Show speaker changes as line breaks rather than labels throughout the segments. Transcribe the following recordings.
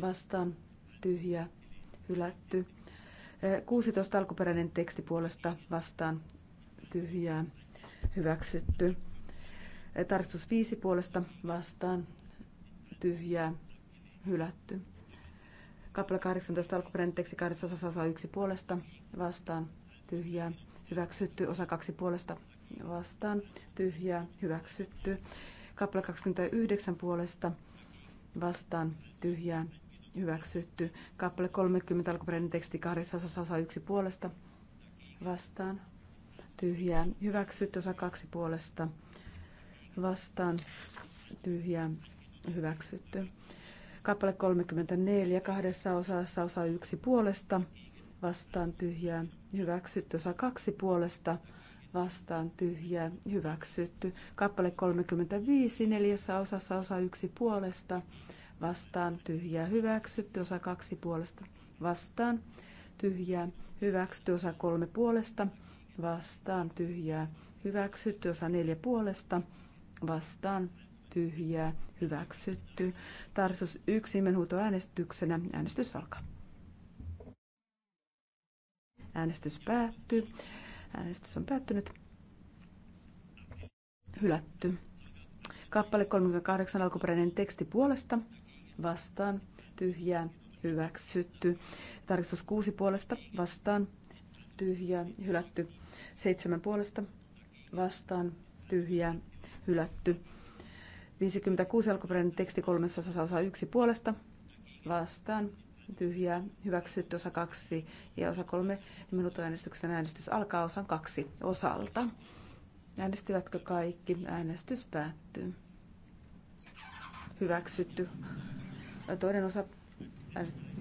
vastaan tyhjä, hylätty. 16 alkuperäinen teksti puolesta vastaan tyhjää hyväksytty. Tarkistus 5 puolesta vastaan tyhjää hylätty. Kappale 18 alkuperäinen teksti 8 osa, osa 1 puolesta vastaan tyhjää hyväksytty. Osa 2 puolesta vastaan tyhjää hyväksytty. Kappale 29 puolesta vastaan tyhjää hyväksytty. Kappale 30 alkuperäinen teksti kahdessa osassa osa yksi puolesta vastaan. Tyhjää hyväksytty osa kaksi puolesta vastaan. Tyhjää hyväksytty. Kappale 34 kahdessa osassa osa yksi puolesta vastaan tyhjää hyväksytty. Osa kaksi puolesta vastaan tyhjää hyväksytty. Kappale 35 neljässä osassa osa yksi puolesta vastaan tyhjää hyväksytty, osa kaksi puolesta vastaan tyhjää hyväksytty, osa kolme puolesta vastaan tyhjää hyväksytty, osa neljä puolesta vastaan tyhjää hyväksytty. Tarsus yksi äänestyksenä. Äänestys alkaa. Äänestys päättyy. Äänestys on päättynyt. Hylätty. Kappale 38 alkuperäinen teksti puolesta vastaan tyhjää hyväksytty. Tarkistus kuusi puolesta vastaan tyhjää hylätty. seitsemän puolesta vastaan tyhjää hylätty. 56 alkuperäinen teksti kolmessa osassa osa yksi puolesta vastaan tyhjää hyväksytty osa kaksi ja osa kolme minuutin äänestyksen äänestys alkaa osan kaksi osalta. Äänestivätkö kaikki? Äänestys päättyy. Hyväksytty Toinen osa,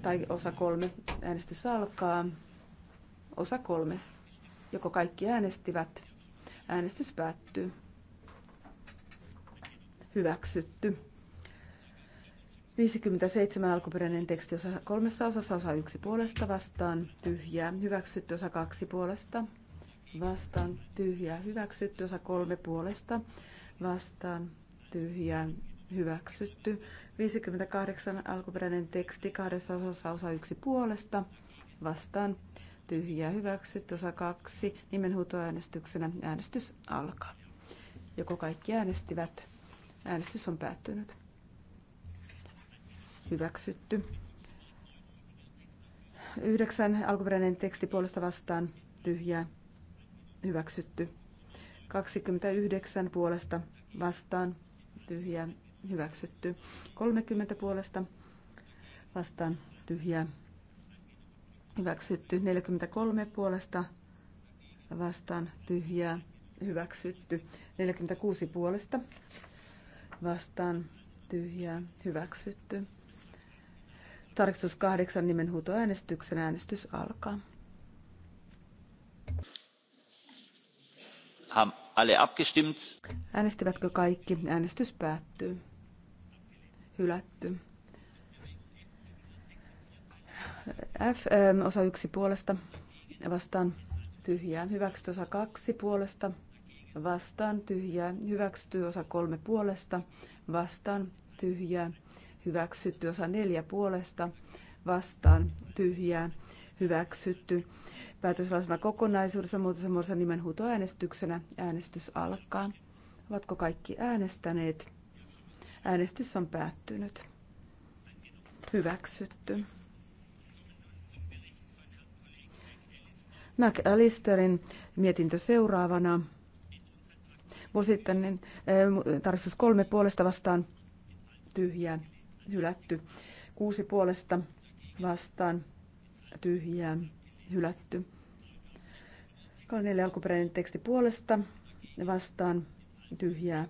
tai osa kolme, äänestys alkaa. Osa kolme. Joko kaikki äänestivät? Äänestys päättyy. Hyväksytty. 57 alkuperäinen teksti osa kolmessa osassa osa yksi puolesta vastaan tyhjää. Hyväksytty osa kaksi puolesta vastaan tyhjää. Hyväksytty osa kolme puolesta vastaan tyhjää. Hyväksytty 58 alkuperäinen teksti kahdessa osassa osa yksi puolesta vastaan tyhjää hyväksytty osa kaksi nimenhuutoäänestyksenä äänestys alkaa. Joko kaikki äänestivät? Äänestys on päättynyt. Hyväksytty. Yhdeksän alkuperäinen teksti puolesta vastaan tyhjää hyväksytty. 29 puolesta vastaan tyhjää hyväksytty. 30 puolesta vastaan tyhjää hyväksytty. 43 puolesta vastaan tyhjää hyväksytty. 46 puolesta vastaan tyhjää hyväksytty. Tarkistus kahdeksan nimenhuutoäänestyksen äänestys alkaa.
Haben alle abgestimmt?
Äänestivätkö kaikki? Äänestys päättyy hylätty. F, osa 1 puolesta vastaan tyhjää. Hyväksytty osa 2 puolesta vastaan tyhjää. Hyväksytty osa 3 puolesta vastaan tyhjää. Hyväksytty osa 4 puolesta vastaan tyhjää. Hyväksytty. Päätöslausuma kokonaisuudessa muutosen nimen huutoäänestyksenä. Äänestys alkaa. Ovatko kaikki äänestäneet? Äänestys on päättynyt. Hyväksytty. McAllisterin mietintö seuraavana. Vuosittainen eh, tarkistus kolme puolesta vastaan tyhjää, hylätty. Kuusi puolesta vastaan tyhjää, hylätty. Kalneille alkuperäinen teksti puolesta vastaan tyhjää,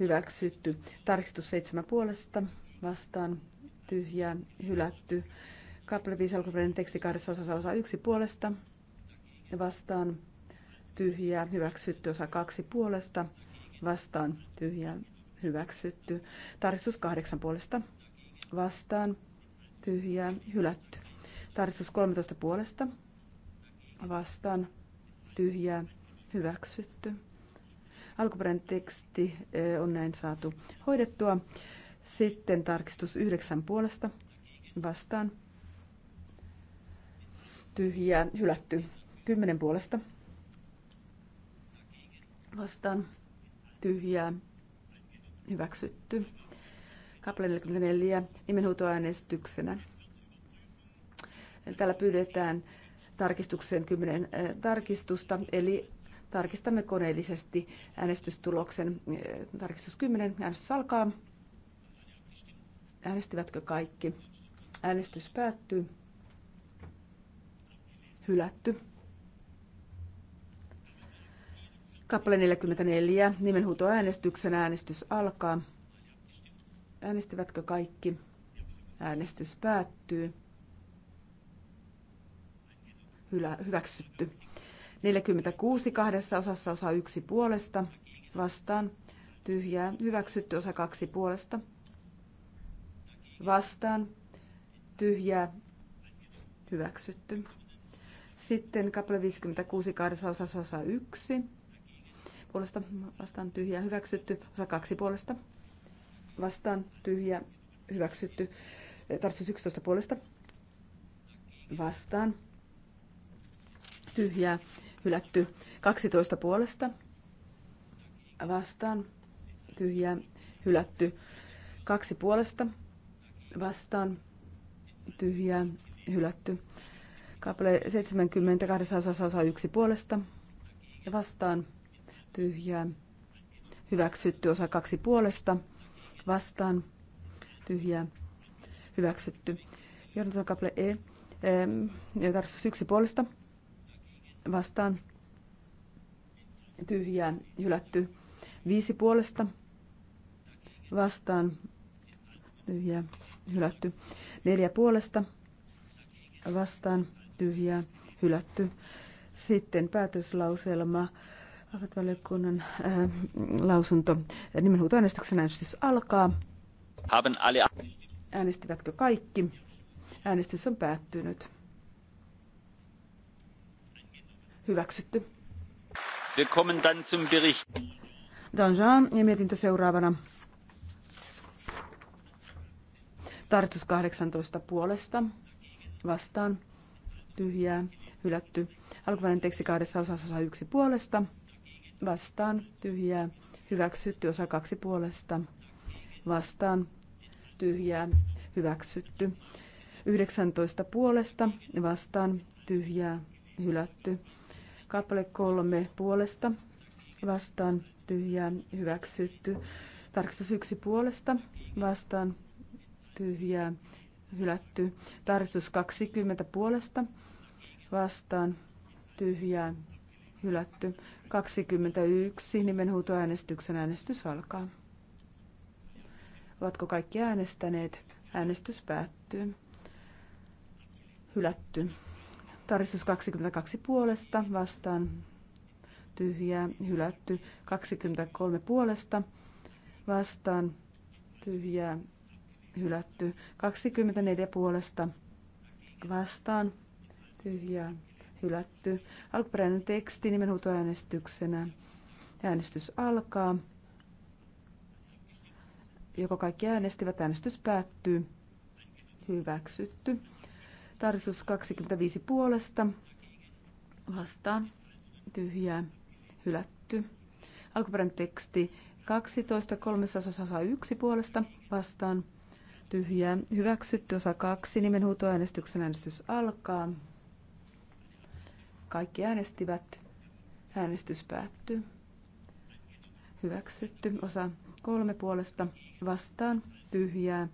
hyväksytty. Tarkistus seitsemän puolesta vastaan tyhjä, hylätty. Kaple 5 alkuperäinen teksti kahdessa osassa osa 1 puolesta vastaan tyhjä, hyväksytty. Osa 2 puolesta vastaan tyhjä, hyväksytty. Tarkistus 8 puolesta vastaan tyhjä, hylätty. Tarkistus 13 puolesta vastaan tyhjä, hyväksytty. Alkuperäinen teksti eh, on näin saatu hoidettua. Sitten tarkistus yhdeksän puolesta vastaan. Tyhjää, hylätty. Kymmenen puolesta vastaan. Tyhjää, hyväksytty. Kaple 44 nimenhuutoäänestyksenä. Eli täällä pyydetään tarkistukseen 10 eh, tarkistusta, eli Tarkistamme koneellisesti äänestystuloksen. Tarkistus 10. Äänestys alkaa. Äänestivätkö kaikki? Äänestys päättyy. Hylätty. Kappale 44. Nimenhuutoäänestyksen äänestys alkaa. Äänestivätkö kaikki? Äänestys päättyy. Hylä, hyväksytty. 46 kahdessa osassa osa 1 puolesta vastaan tyhjää. Hyväksytty osa 2 puolesta vastaan tyhjää. Hyväksytty. Sitten kappale 56 kahdessa osassa osa 1 puolesta vastaan tyhjää. Hyväksytty osa 2 puolesta vastaan tyhjä. Hyväksytty. Tarkistus 11 puolesta vastaan tyhjää hylätty 12 puolesta vastaan tyhjää hylätty 2 puolesta vastaan tyhjää hylätty Kaapele 72 osa osa 1 puolesta ja vastaan tyhjää hyväksytty osa 2 puolesta vastaan tyhjää hyväksytty Johdantosakaple E eh, ja tarkistus 1 puolesta vastaan tyhjään hylätty. Viisi puolesta vastaan tyhjää hylätty. Neljä puolesta vastaan tyhjää hylätty. Sitten päätöslauselma. Valiokunnan äh, lausunto. Nimenhuutoäänestyksen äänestys alkaa. Äänestivätkö kaikki? Äänestys on päättynyt. Hyväksytty. Wir dann zum Bericht. ja mietintö seuraavana. Tartus 18 puolesta vastaan tyhjää hylätty. Alkuperäinen teksti kahdessa osassa osa yksi puolesta vastaan tyhjää hyväksytty osa kaksi puolesta vastaan tyhjää hyväksytty. 19 puolesta vastaan tyhjää hylätty. Kappale kolme puolesta vastaan tyhjään hyväksytty. Tarkistus yksi puolesta vastaan tyhjää hylätty. Tarkistus 20 puolesta vastaan tyhjää hylätty. 21 nimenhuutoäänestyksen äänestys alkaa. Ovatko kaikki äänestäneet? Äänestys päättyy. Hylätty. Tarkistus 22 puolesta vastaan tyhjää, hylätty 23 puolesta vastaan tyhjää, hylätty 24 puolesta vastaan tyhjää, hylätty. Alkuperäinen teksti nimenhuutoäänestyksenä. Äänestys alkaa. Joko kaikki äänestivät, äänestys päättyy. Hyväksytty. Tarsus 25 puolesta vastaan tyhjää hylätty. Alkuperäinen teksti 12 kolmasosa 1 puolesta vastaan tyhjää hyväksytty osa 2 nimenhuutoäänestyksen äänestys alkaa. Kaikki äänestivät. Äänestys päättyy. Hyväksytty osa 3 puolesta vastaan tyhjää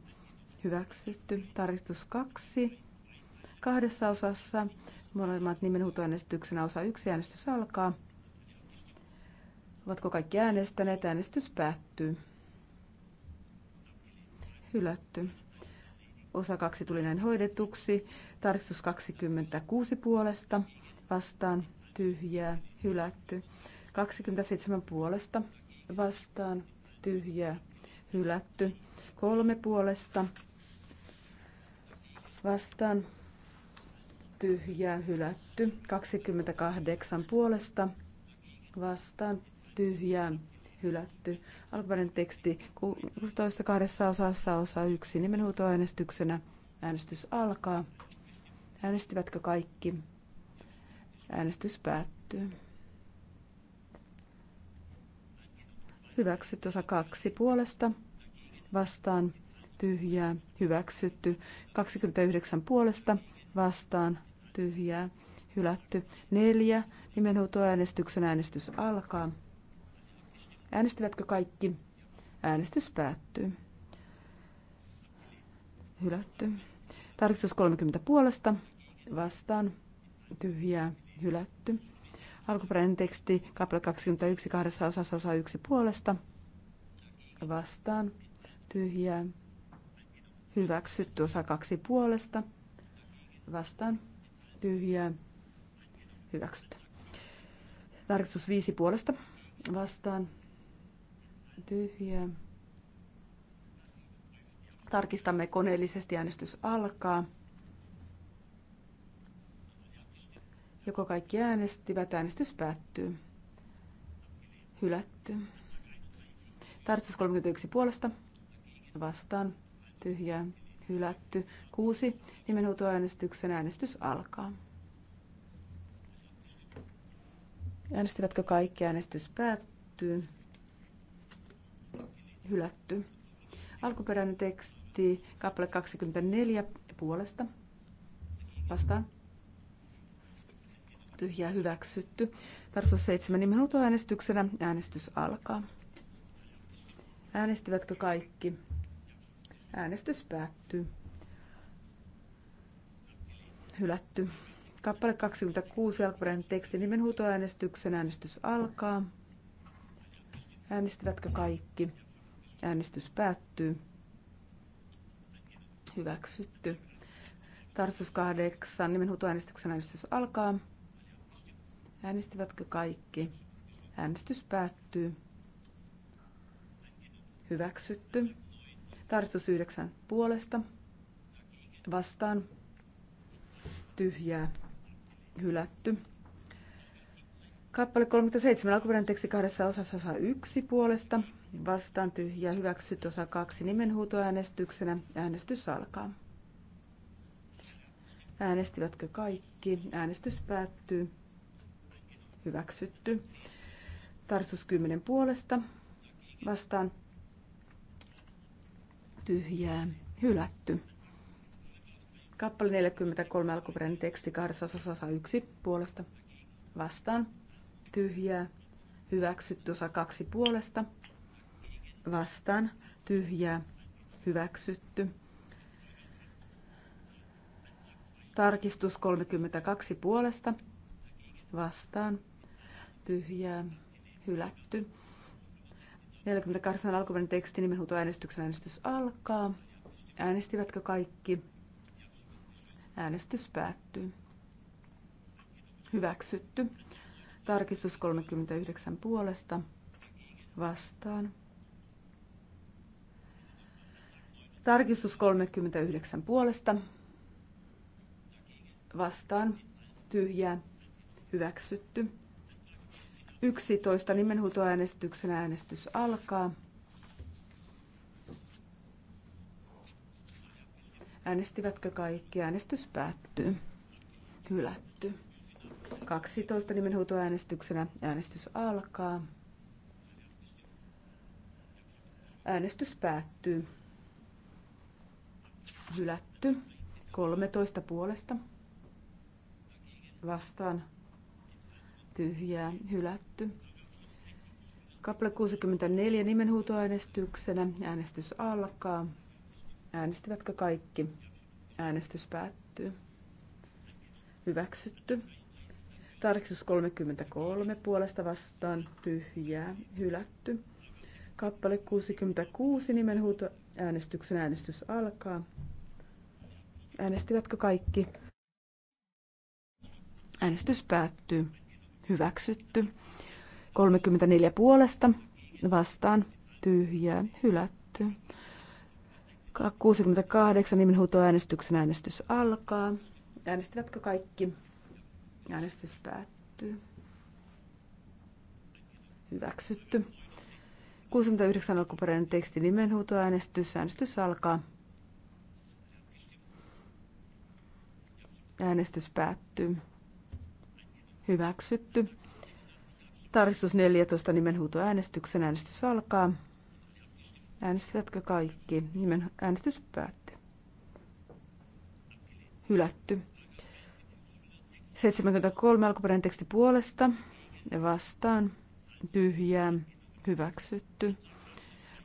hyväksytty. Tarkistus 2 kahdessa osassa. Molemmat nimenhuutoäänestyksenä osa yksi äänestys alkaa. Ovatko kaikki äänestäneet? Äänestys päättyy. Hylätty. Osa kaksi tuli näin hoidetuksi. Tarkistus 26 puolesta vastaan tyhjää, hylätty. 27 puolesta vastaan tyhjää, hylätty. Kolme puolesta vastaan tyhjää hylätty. 28 puolesta vastaan tyhjää hylätty. Alkuperäinen teksti 16 kahdessa osassa osa 1 nimenhuutoäänestyksenä. Äänestys alkaa. Äänestivätkö kaikki? Äänestys päättyy. Hyväksytty osa kaksi puolesta. Vastaan tyhjää. Hyväksytty 29 puolesta. Vastaan tyhjää, hylätty. Neljä, nimenhuutoäänestyksen äänestys alkaa. Äänestivätkö kaikki? Äänestys päättyy. Hylätty. Tarkistus 30 puolesta, vastaan, tyhjää, hylätty. Alkuperäinen teksti, kappale 21, kahdessa osassa osa 1 puolesta, vastaan, tyhjää, hyväksytty osa 2 puolesta, vastaan, tyhjää hyväksytty. Tarkistus viisi puolesta vastaan tyhjää. Tarkistamme koneellisesti äänestys alkaa. Joko kaikki äänestivät, äänestys päättyy. Hylätty. Tarkistus 31 puolesta vastaan tyhjää hylätty. Kuusi äänestyksen äänestys alkaa. Äänestivätkö kaikki? Äänestys päättyy. Hylätty. Alkuperäinen teksti, kappale 24 puolesta. Vastaan. Tyhjää hyväksytty. Tarkoitus 7 äänestyksenä Äänestys alkaa. Äänestivätkö kaikki? Äänestys päättyy. Hylätty. Kappale 26, alkuperäinen teksti nimenhuutoäänestyksen. Äänestys alkaa. Äänestivätkö kaikki? Äänestys päättyy. Hyväksytty. Tarsus 8, nimenhuutoäänestyksen äänestys alkaa. Äänestivätkö kaikki? Äänestys päättyy. Hyväksytty. Tarsus 9 puolesta. Vastaan. Tyhjää. Hylätty. Kappale 37, alkuperäinen teksti kahdessa osassa osa 1 puolesta, vastaan tyhjä, hyväksyt osa 2 nimenhuutoäänestyksenä, äänestys alkaa. Äänestivätkö kaikki? Äänestys päättyy. Hyväksytty. Tarsus 10 puolesta, vastaan tyhjää, hylätty. Kappale 43, alkuperäinen teksti, kahdessa yksi puolesta, vastaan, tyhjää, hyväksytty, osa kaksi puolesta, vastaan, tyhjää, hyväksytty. Tarkistus 32 puolesta, vastaan, tyhjää, hylätty. 48 alkuperäinen teksti äänestyksen äänestys alkaa. Äänestivätkö kaikki? Äänestys päättyy. Hyväksytty. Tarkistus 39 puolesta. Vastaan. Tarkistus 39 puolesta. Vastaan. Tyhjää. Hyväksytty. 11 nimenhuutoäänestyksen äänestys alkaa. Äänestivätkö kaikki? Äänestys päättyy. Hylätty. 12 nimenhuutoäänestyksenä äänestys alkaa. Äänestys päättyy. Hylätty. 13 puolesta. Vastaan tyhjää hylätty. Kaple 64 nimenhuutoäänestyksenä. Äänestys alkaa. Äänestivätkö kaikki? Äänestys päättyy. Hyväksytty. Tarkistus 33 puolesta vastaan tyhjää hylätty. Kappale 66 nimenhuuto äänestyksen äänestys alkaa. Äänestivätkö kaikki? Äänestys päättyy hyväksytty. 34 puolesta vastaan tyhjää hylätty. 68 nimenhuutoäänestyksen äänestys alkaa. Äänestivätkö kaikki? Äänestys päättyy. Hyväksytty. 69 alkuperäinen teksti nimenhuutoäänestys. Äänestys alkaa. Äänestys päättyy. Hyväksytty. Tarkistus 14 äänestyksen. Äänestys alkaa. Äänestivätkö kaikki? Nimen äänestys päättyy. Hylätty. 73 alkuperäinen teksti puolesta ja vastaan. Tyhjää. Hyväksytty.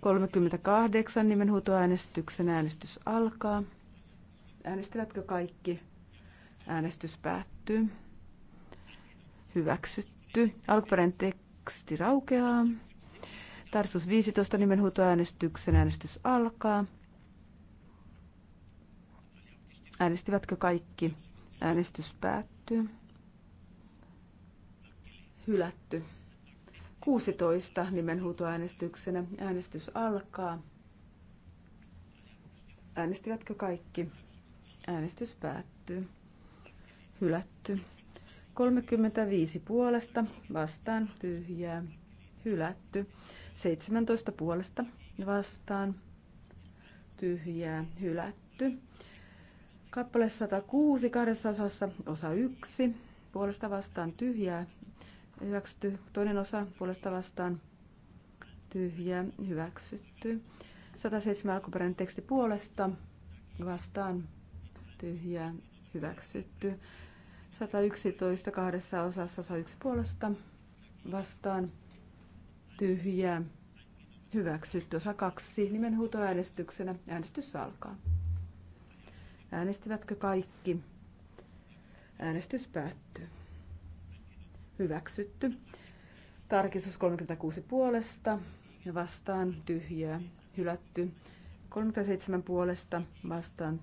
38 äänestyksen. äänestys alkaa. Äänestävätkö kaikki? Äänestys päättyy hyväksytty. Alkuperäinen teksti raukeaa. Tarsus 15 nimenhuutoäänestyksen äänestys alkaa. Äänestivätkö kaikki? Äänestys päättyy. Hylätty. 16 nimenhuutoäänestyksenä äänestys alkaa. Äänestivätkö kaikki? Äänestys päättyy. Hylätty. 35 puolesta vastaan tyhjää hylätty. 17 puolesta vastaan tyhjää hylätty. Kappale 106 kahdessa osassa osa 1 puolesta vastaan tyhjää hyväksytty. Toinen osa puolesta vastaan tyhjää hyväksytty. 107 alkuperäinen teksti puolesta vastaan tyhjää hyväksytty. 111 kahdessa osassa 101 puolesta vastaan tyhjää hyväksytty. Osa kaksi nimenhuutoäänestyksenä. Äänestys alkaa. Äänestivätkö kaikki? Äänestys päättyy. Hyväksytty. Tarkistus 36 puolesta ja vastaan tyhjää. Hylätty. 37 puolesta vastaan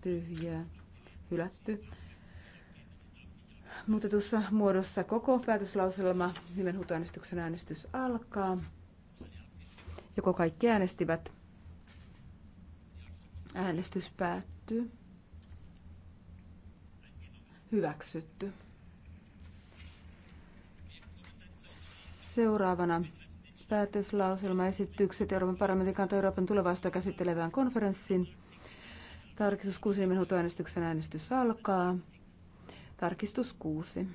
tyhjää. Hylätty muutetussa muodossa koko päätöslauselma. Nimenhuutoäänestyksen äänestys alkaa. Joko kaikki äänestivät? Äänestys päättyy. Hyväksytty. Seuraavana esitykset Euroopan parlamentin kanta Euroopan tulevaisuutta käsittelevään konferenssiin. Tarkistus 6 nimenhuutoäänestyksen äänestys alkaa. Tarkistus 6.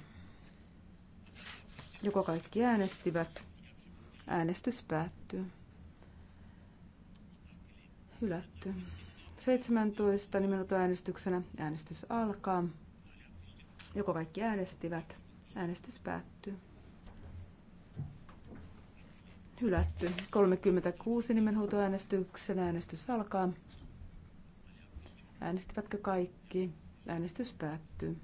Joko kaikki äänestivät? Äänestys päättyy. Hylätty. 17 nimenut äänestyksenä. Äänestys alkaa. Joko kaikki äänestivät? Äänestys päättyy. Hylätty. 36 nimenhuutoäänestyksen äänestys alkaa. Äänestivätkö kaikki? Äänestys päättyy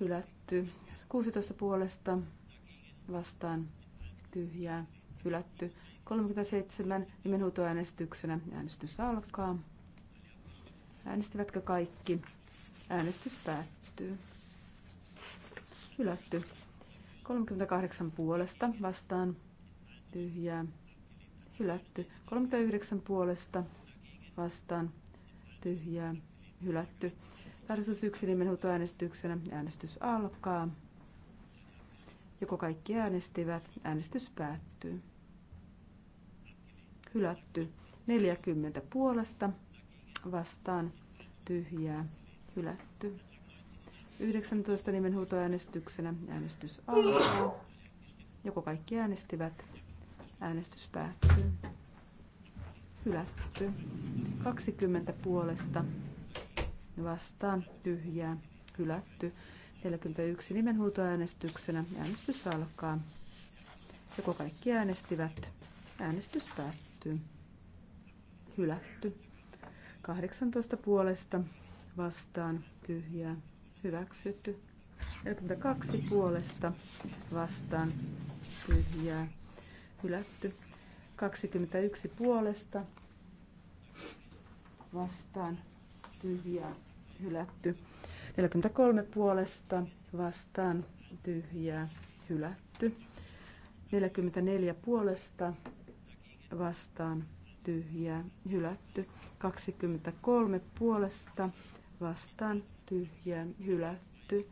hylätty. 16 puolesta vastaan tyhjää, hylätty. 37 nimenhuutoäänestyksenä äänestys alkaa. Äänestivätkö kaikki? Äänestys päättyy. Hylätty. 38 puolesta vastaan tyhjää. Hylätty. 39 puolesta vastaan tyhjää. Hylätty. Tarkistus 1 äänestyksenä. Äänestys alkaa. Joko kaikki äänestivät? Äänestys päättyy. Hylätty. 40 puolesta vastaan tyhjää. Hylätty. 19 äänestyksenä Äänestys alkaa. Joko kaikki äänestivät? Äänestys päättyy. Hylätty. 20 puolesta vastaan tyhjää hylätty. 41 nimenhuutoäänestyksenä. Äänestys alkaa. Joko kaikki äänestivät? Äänestys päättyy. Hylätty. 18 puolesta vastaan tyhjää hyväksytty. 42 puolesta vastaan tyhjää hylätty. 21 puolesta vastaan tyhjä, hylätty. 43 puolesta vastaan tyhjä, hylätty. 44 puolesta vastaan tyhjä, hylätty. 23 puolesta vastaan tyhjä, hylätty.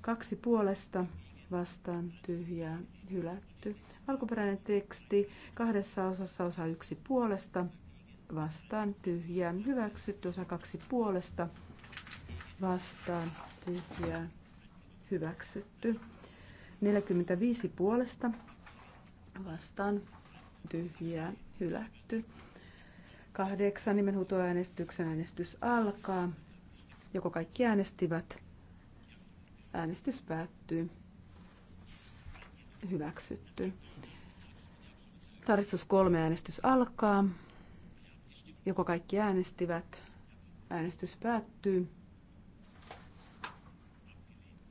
Kaksi puolesta vastaan tyhjä, hylätty. Alkuperäinen teksti kahdessa osassa osa yksi puolesta vastaan tyhjään hyväksytty, osa kaksi puolesta vastaan tyhjään hyväksytty. 45 puolesta vastaan tyhjään hylätty. Kahdeksan nimenhuutoäänestyksen äänestys alkaa. Joko kaikki äänestivät? Äänestys päättyy. Hyväksytty. Tarkistus kolme äänestys alkaa. Joko kaikki äänestivät? Äänestys päättyy.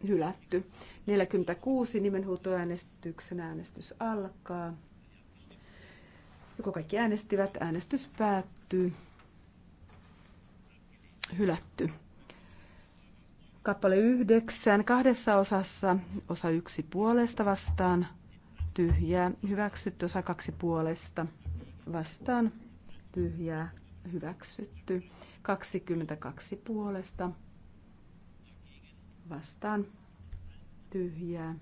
Hylätty. 46 nimenhuutoäänestyksen äänestys alkaa. Joko kaikki äänestivät? Äänestys päättyy. Hylätty. Kappale 9. Kahdessa osassa. Osa yksi puolesta vastaan. Tyhjää. Hyväksytty. Osa kaksi puolesta vastaan. Tyhjää hyväksytty. 22 puolesta vastaan tyhjää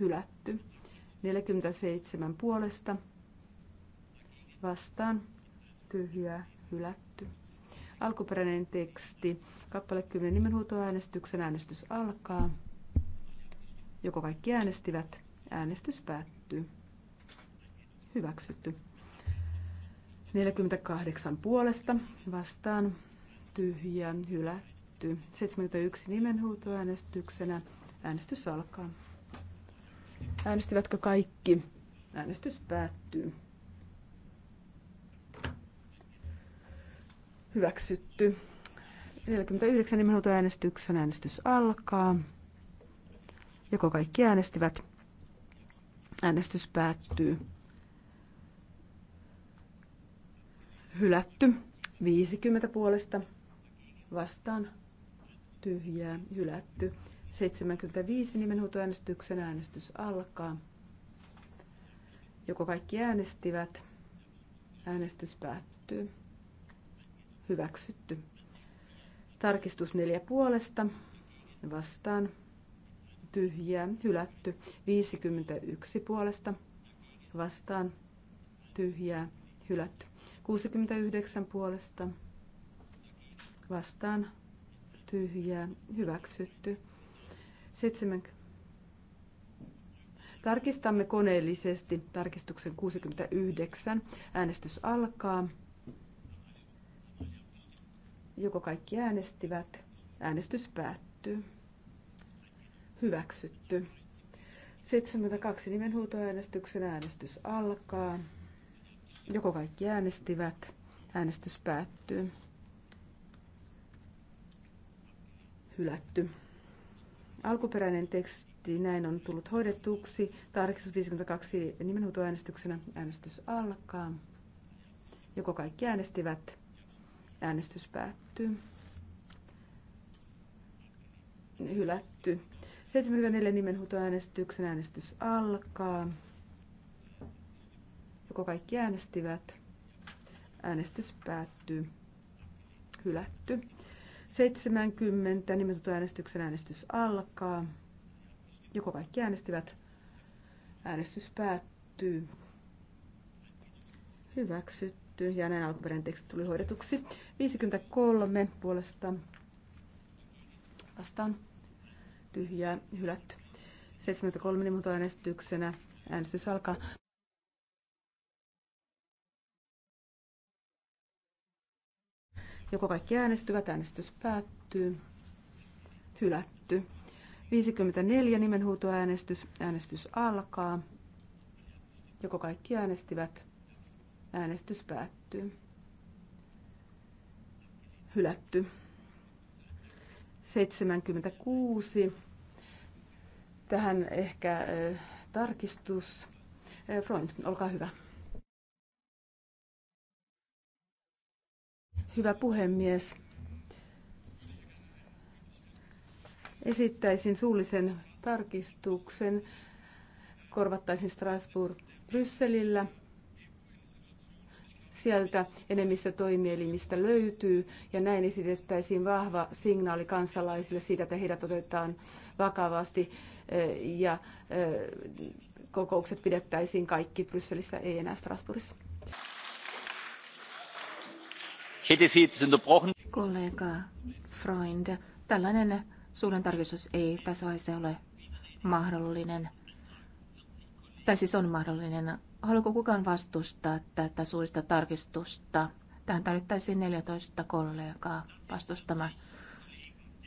hylätty. 47 puolesta vastaan tyhjää hylätty. Alkuperäinen teksti. Kappale 10 nimenhuutoäänestyksen äänestys alkaa. Joko kaikki äänestivät? Äänestys päättyy. Hyväksytty. 48 puolesta vastaan tyhjä hylätty. 71 nimenhuutoäänestyksenä. Äänestys alkaa. Äänestivätkö kaikki? Äänestys päättyy. Hyväksytty. 49 nimenhuutoäänestyksen äänestys alkaa. Joko kaikki äänestivät? Äänestys päättyy. hylätty. 50 puolesta vastaan tyhjää, hylätty. 75 nimenhuutoäänestyksen äänestys alkaa. Joko kaikki äänestivät? Äänestys päättyy. Hyväksytty. Tarkistus neljä puolesta. Vastaan. Tyhjää. Hylätty. 51 puolesta. Vastaan. Tyhjää. Hylätty. 69 puolesta vastaan tyhjää hyväksytty. 70. Tarkistamme koneellisesti tarkistuksen 69. Äänestys alkaa. Joko kaikki äänestivät? Äänestys päättyy. Hyväksytty. 72 nimenhuutoäänestyksen äänestys alkaa. Joko kaikki äänestivät? Äänestys päättyy. Hylätty. Alkuperäinen teksti näin on tullut hoidetuksi. Tarkistus 52 äänestyksenä. Äänestys alkaa. Joko kaikki äänestivät? Äänestys päättyy. Hylätty. 74 nimenhuutoäänestyksen äänestys alkaa. Joko kaikki äänestivät? Äänestys päättyy. Hylätty. 70. Nimetutun äänestyksen äänestys alkaa. Joko kaikki äänestivät? Äänestys päättyy. Hyväksytty. Ja näin alkuperäinen teksti tuli hoidetuksi. 53 puolesta vastaan tyhjää hylätty. 73 nimetutun äänestyksenä äänestys alkaa. Joko kaikki äänestyvät, äänestys päättyy. Hylätty. 54 nimenhuutoäänestys, äänestys alkaa. Joko kaikki äänestivät, äänestys päättyy. Hylätty. 76. Tähän ehkä äh, tarkistus. Äh, Freund, olkaa hyvä. Hyvä puhemies. Esittäisin suullisen tarkistuksen. Korvattaisin Strasbourg Brysselillä. Sieltä enemmistö toimielimistä löytyy ja näin esitettäisiin vahva signaali kansalaisille siitä, että heidät otetaan vakavasti eh, ja eh, kokoukset pidettäisiin kaikki Brysselissä, ei enää Strasbourgissa.
Kollega Freund, tällainen suunnan ei tässä vaiheessa ole mahdollinen. Tai siis on mahdollinen. Haluatko kukaan vastustaa tätä suurista tarkistusta? Tähän tarvittaisiin 14 kollegaa vastustamaan.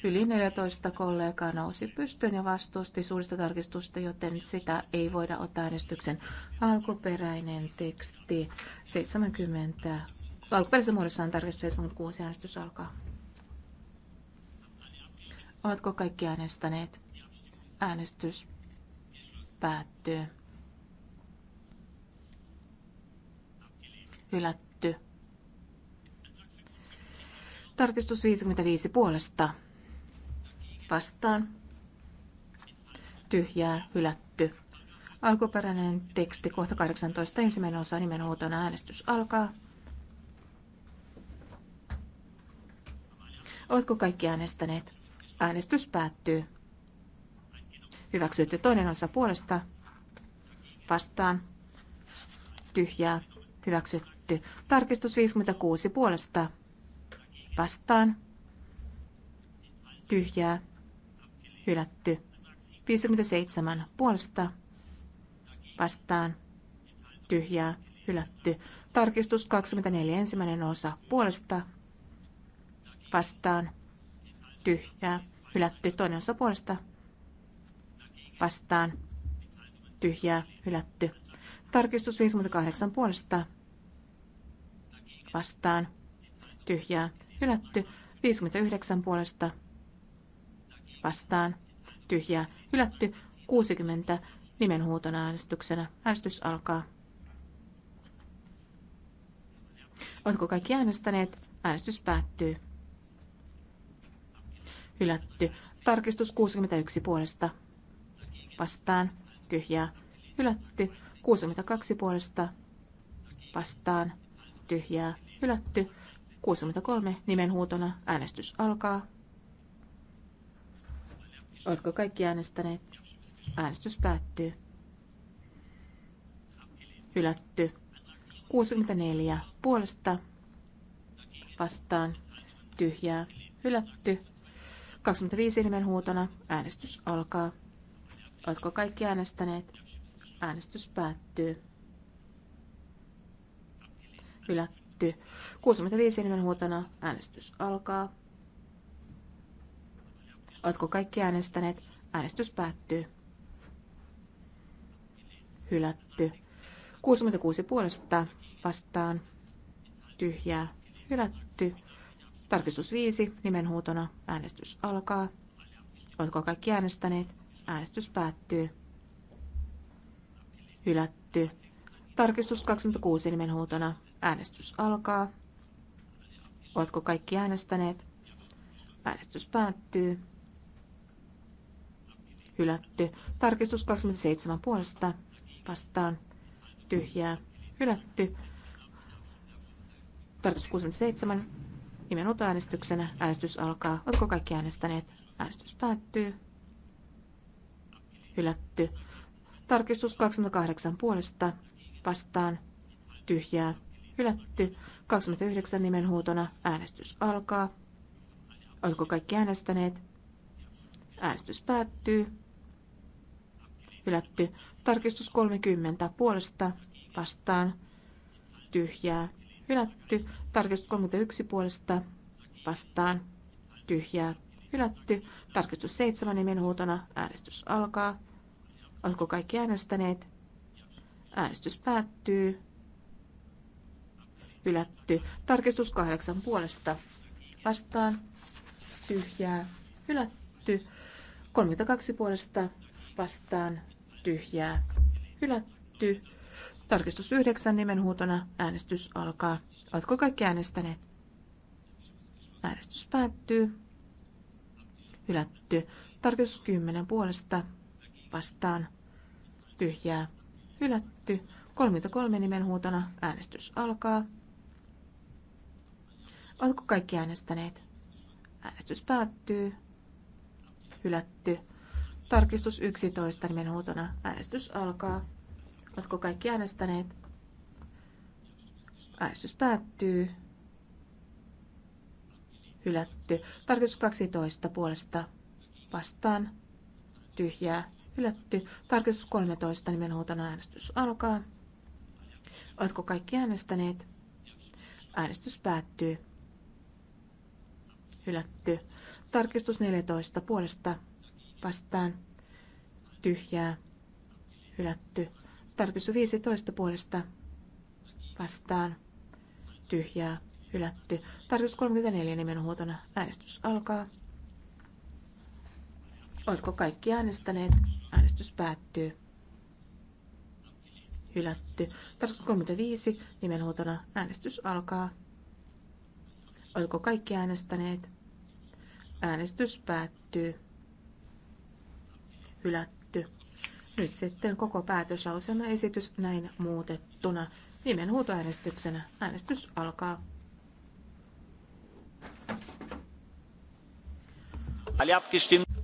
Yli 14 kollegaa nousi pystyyn ja vastusti suurista tarkistusta, joten sitä ei voida ottaa äänestyksen alkuperäinen teksti 70 alkuperäisessä muodossaan tarkistus 76 äänestys alkaa. Ovatko kaikki äänestäneet? Äänestys päättyy. Hylätty. Tarkistus 55 puolesta. Vastaan. Tyhjää, hylätty. Alkuperäinen teksti kohta 18 ensimmäinen osa nimenhuutona äänestys alkaa. Oletko kaikki äänestäneet? Äänestys päättyy. Hyväksytty toinen osa puolesta. Vastaan. Tyhjää. Hyväksytty. Tarkistus 56 puolesta. Vastaan. Tyhjää. Hylätty. 57 puolesta. Vastaan. Tyhjää. Hylätty. Tarkistus 24 ensimmäinen osa puolesta vastaan tyhjää hylätty. Toinen osa puolesta vastaan tyhjää hylätty. Tarkistus 58 puolesta vastaan tyhjää hylätty. 59 puolesta vastaan tyhjää hylätty. 60 nimenhuuton äänestyksenä. Äänestys alkaa. Oletko kaikki äänestäneet? Äänestys päättyy hylätty. Tarkistus 61 puolesta vastaan tyhjää hylätty. 62 puolesta vastaan tyhjää hylätty. 63 nimenhuutona äänestys alkaa. Oletko kaikki äänestäneet? Äänestys päättyy. Hylätty. 64 puolesta vastaan tyhjää hylätty. 25 nimen huutona äänestys alkaa. Oletko kaikki äänestäneet? Äänestys päättyy. Hylätty. 65 nimen huutona äänestys alkaa. Oletko kaikki äänestäneet? Äänestys päättyy. Hylätty. 66 puolesta vastaan. Tyhjää. Hylätty. Tarkistus 5. Nimenhuutona. Äänestys alkaa. Oletko kaikki äänestäneet? Äänestys päättyy. Hylätty. Tarkistus 26 nimenhuutona. Äänestys alkaa. Oletko kaikki äänestäneet? Äänestys päättyy. Hylätty. Tarkistus 27 puolesta. Vastaan. Tyhjää. Hylätty. Tarkistus 67 Nimenhuutoäänestyksenä äänestys alkaa. Oletko kaikki äänestäneet? Äänestys päättyy. Hylätty. Tarkistus 28 puolesta vastaan. Tyhjää. Hylätty. 29 nimenhuutona äänestys alkaa. Oletko kaikki äänestäneet? Äänestys päättyy. Hylätty. Tarkistus 30 puolesta vastaan. Tyhjää hylätty. Tarkistus 31 puolesta vastaan tyhjää hylätty. Tarkistus 7 huutona, äänestys alkaa. Oletko kaikki äänestäneet? Äänestys päättyy. Hylätty. Tarkistus 8 puolesta vastaan tyhjää hylätty. 32 puolesta vastaan tyhjää hylätty. Tarkistus yhdeksän nimenhuutona. Äänestys alkaa. Oletko kaikki äänestäneet? Äänestys päättyy. Hylätty. Tarkistus kymmenen puolesta vastaan. Tyhjää. Hylätty. 33 kolme nimenhuutona. Äänestys alkaa. Oletko kaikki äänestäneet? Äänestys päättyy. Hylätty. Tarkistus 11 nimenhuutona. Äänestys alkaa. Oletko kaikki äänestäneet? Äänestys päättyy. Hylätty. Tarkistus 12 puolesta vastaan. Tyhjää. Hylätty. Tarkistus 13 nimenhuuton äänestys alkaa. Oletko kaikki äänestäneet? Äänestys päättyy. Hylätty. Tarkistus 14 puolesta vastaan. Tyhjää. Hylätty. Tarkistus 15 puolesta vastaan. Tyhjää. Hylätty. Tarkistus 34 nimenhuotona. Äänestys alkaa. Oletko kaikki äänestäneet? Äänestys päättyy. Hylätty. Tarkistus 35 nimenhuotona. Äänestys alkaa. Oletko kaikki äänestäneet? Äänestys päättyy. Hylätty. Nyt sitten koko esitys näin muutettuna. Nimen huutoäänestyksenä äänestys alkaa.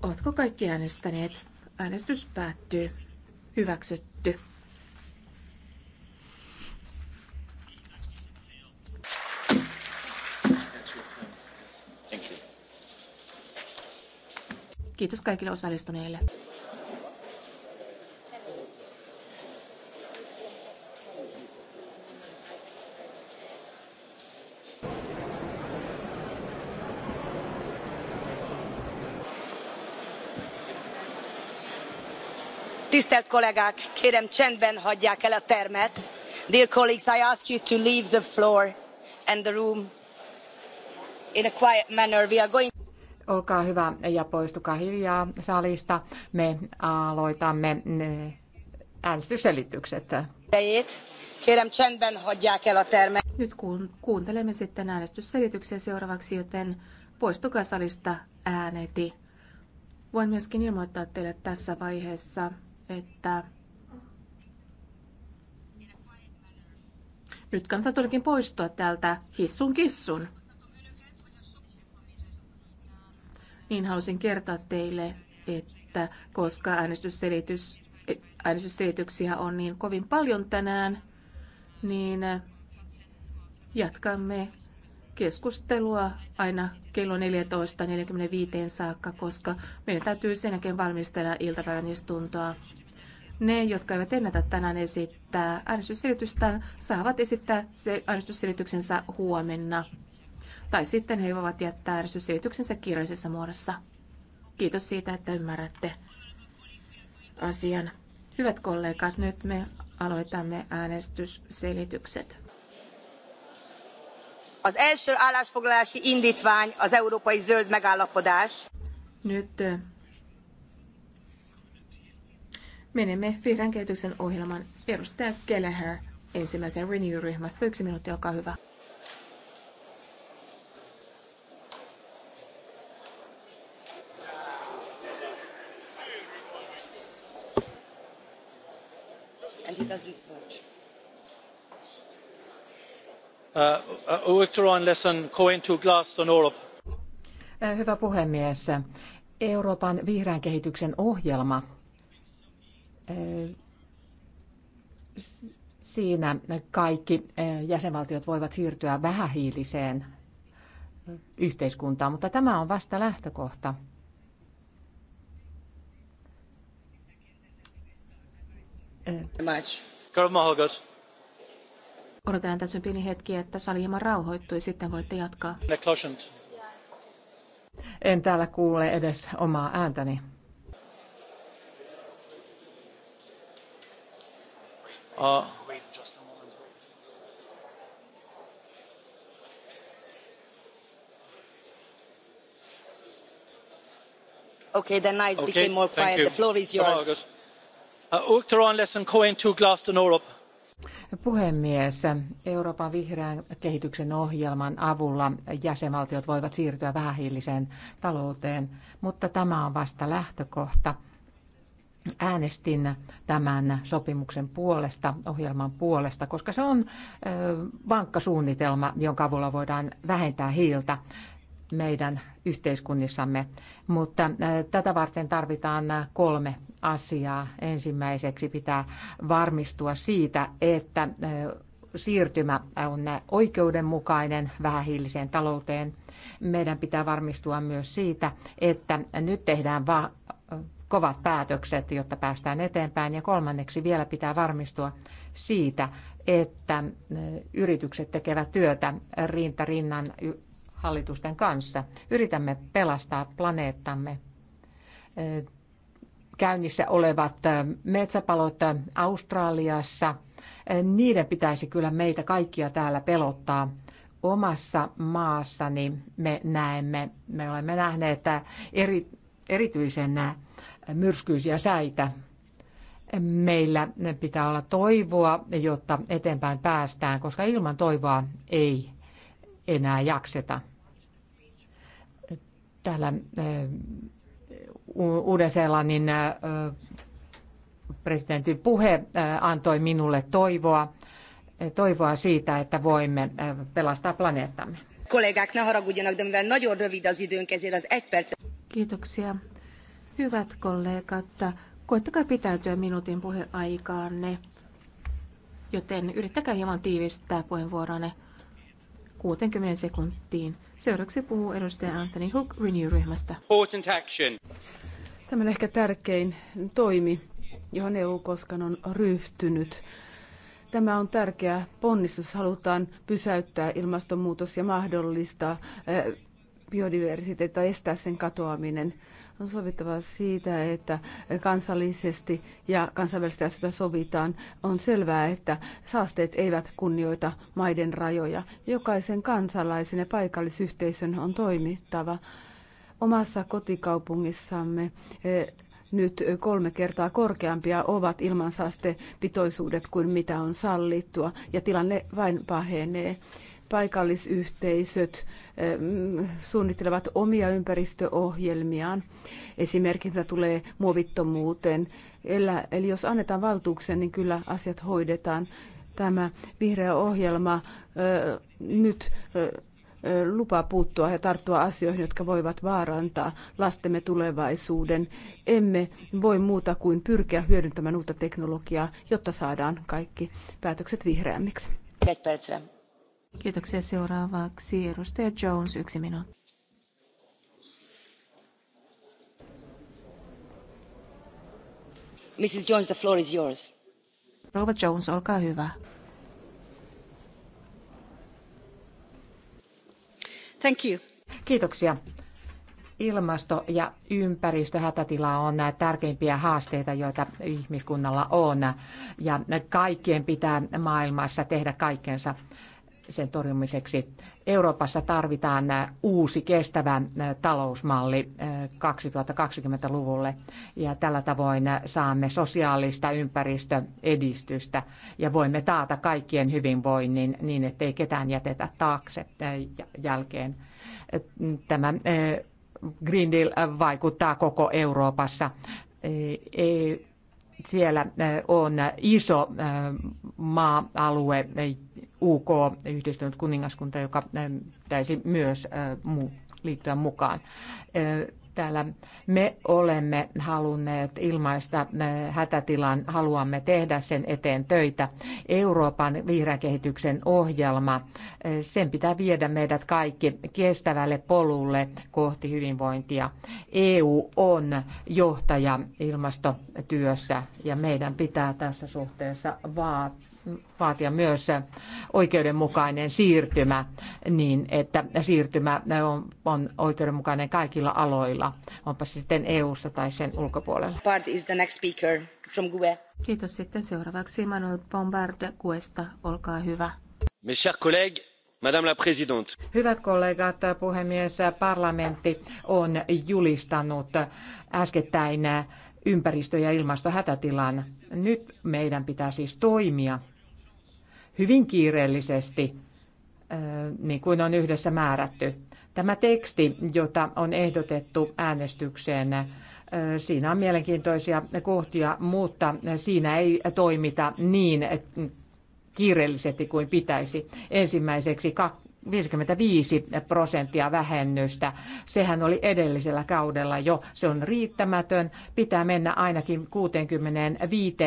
Oletko kaikki äänestäneet? Äänestys päättyy. Hyväksytty. Kiitos kaikille osallistuneille. tisztelt kollégák kérem csendben hagyják el a termet. dear colleagues i ask you to leave the floor and the room in a quiet manner. we are going
Olkaa hyvä ja poistukaa hiljaa salista. Me aloitamme mm, äänestysselitykset.
Kérem csendben hagyják el a termet. Nyt kuuntelemme sitten äänestysselityksiä seuraavaksi, joten poistukaa salista ääneti. Voin myöskin ilmoittaa teille tässä vaiheessa, että nyt kannattaa todellakin poistua täältä hissun kissun. Niin halusin kertoa teille, että koska äänestysselitys, äänestysselityksiä on niin kovin paljon tänään, niin jatkamme keskustelua aina kello 14.45 saakka, koska meidän täytyy sen jälkeen valmistella iltapäivän istuntoa. Ne, jotka eivät ennätä tänään esittää äänestysselitystään, saavat esittää se äänestysselityksensä huomenna. Tai sitten he voivat jättää äänestysselityksensä kirjallisessa muodossa. Kiitos siitä, että ymmärrätte asian. Hyvät kollegat, nyt me aloitamme äänestysselitykset.
Az első állásfoglalási indítvány az európai zöld megállapodás.
Nyt Menemme vihreän kehityksen ohjelman edustaja Kelleher ensimmäisen Renew-ryhmästä. Yksi minuutti, olkaa hyvä.
Uh,
uh, hyvä puhemies, Euroopan vihreän kehityksen ohjelma Siinä kaikki e, jäsenvaltiot voivat siirtyä vähähiiliseen e, yhteiskuntaan, mutta tämä on vasta lähtökohta.
E.
Odotetaan tässä pieni hetki, että sali hieman rauhoittui, sitten voitte jatkaa. En täällä kuule edes omaa ääntäni. Uh,
okay, then I okay, became more quiet. The floor is yours. Uh,
Puhemies, Euroopan vihreän kehityksen ohjelman avulla jäsenvaltiot voivat siirtyä vähähiiliseen talouteen, mutta tämä on vasta lähtökohta äänestin tämän sopimuksen puolesta, ohjelman puolesta, koska se on vankka suunnitelma, jonka avulla voidaan vähentää hiiltä meidän yhteiskunnissamme. Mutta tätä varten tarvitaan kolme asiaa. Ensimmäiseksi pitää varmistua siitä, että siirtymä on oikeudenmukainen vähähiiliseen talouteen. Meidän pitää varmistua myös siitä, että nyt tehdään va- kovat päätökset, jotta päästään eteenpäin. Ja kolmanneksi vielä pitää varmistua siitä, että mm, yritykset tekevät työtä rinta rinnan hallitusten kanssa. Yritämme pelastaa planeettamme. Käynnissä olevat metsäpalot Australiassa, niiden pitäisi kyllä meitä kaikkia täällä pelottaa omassa maassani me näemme, me olemme nähneet eri, erityisen myrskyisiä säitä. Meillä pitää olla toivoa, jotta eteenpäin päästään, koska ilman toivoa ei enää jakseta. Täällä eh, Uuden-Seelannin eh, presidentin puhe eh, antoi minulle toivoa, toivoa siitä, että voimme pelastaa planeettamme.
Kollegák, ne haragudjanak, de mivel nagyon rövid az időnk, ezért az egy perc...
Kiitoksia. Hyvät kollegat, koittakaa pitäytyä minuutin puheaikaanne, joten yrittäkää hieman tiivistää puheenvuoronne 60 sekuntiin. Seuraavaksi puhuu edustaja Anthony
Hook Renew-ryhmästä. Tämä on ehkä tärkein toimi, johon EU koskaan on ryhtynyt. Tämä on tärkeä ponnistus. Halutaan pysäyttää ilmastonmuutos ja mahdollistaa eh, biodiversiteetti tai estää sen katoaminen on sovittava siitä, että kansallisesti ja kansainvälisesti asioita sovitaan. On selvää, että saasteet eivät kunnioita maiden rajoja. Jokaisen kansalaisen ja paikallisyhteisön on toimittava. Omassa kotikaupungissamme e, nyt kolme kertaa korkeampia ovat ilmansaastepitoisuudet kuin mitä on sallittua, ja tilanne vain pahenee paikallisyhteisöt suunnittelevat omia ympäristöohjelmiaan. Esimerkiksi tulee muovittomuuteen. Eli jos annetaan valtuuksia, niin kyllä asiat hoidetaan. Tämä vihreä ohjelma nyt lupaa puuttua ja tarttua asioihin, jotka voivat vaarantaa lastemme tulevaisuuden. Emme voi muuta kuin pyrkiä hyödyntämään uutta teknologiaa, jotta saadaan kaikki päätökset vihreämmiksi. Kiitoksia seuraavaksi. Edustaja Jones, yksi minuutti.
Mrs. Jones, the floor is yours.
Rouva Jones, olkaa hyvä. Thank you. Kiitoksia.
Ilmasto- ja ympäristöhätätila on tärkeimpiä haasteita, joita ihmiskunnalla on, ja kaikkien pitää maailmassa tehdä kaikkensa sen torjumiseksi. Euroopassa tarvitaan äh, uusi kestävä äh, talousmalli 2020-luvulle äh, ja tällä tavoin saamme sosiaalista ympäristöedistystä ja voimme taata kaikkien hyvinvoinnin niin, ettei ketään jätetä taakse jälkeen. Tämä Green Deal vaikuttaa koko Euroopassa siellä on iso maa-alue, UK, yhdistynyt kuningaskunta, joka pitäisi myös liittyä mukaan. Täällä me olemme halunneet ilmaista hätätilan, haluamme tehdä sen eteen töitä. Euroopan vihreän kehityksen ohjelma, sen pitää viedä meidät kaikki kestävälle polulle kohti hyvinvointia. EU on johtaja ilmastotyössä ja meidän pitää tässä suhteessa vaatia vaatia myös oikeudenmukainen siirtymä niin, että siirtymä on, on oikeudenmukainen kaikilla aloilla, onpa se sitten EU-ssa tai sen ulkopuolella.
Bard is the next speaker from GUE. Kiitos sitten seuraavaksi Manuel Bombard GUEsta, olkaa hyvä.
Mes chers collègues, Madame la Présidente.
Hyvät kollegat, puhemies, parlamentti
on julistanut äskettäin ympäristö- ja ilmastohätätilan. Nyt meidän pitää siis toimia hyvin kiireellisesti, niin kuin on yhdessä määrätty. Tämä teksti, jota on ehdotettu äänestykseen, siinä on mielenkiintoisia kohtia, mutta siinä ei toimita niin kiireellisesti kuin pitäisi. Ensimmäiseksi 55 prosenttia vähennystä. Sehän oli edellisellä kaudella jo. Se on riittämätön. Pitää mennä ainakin 65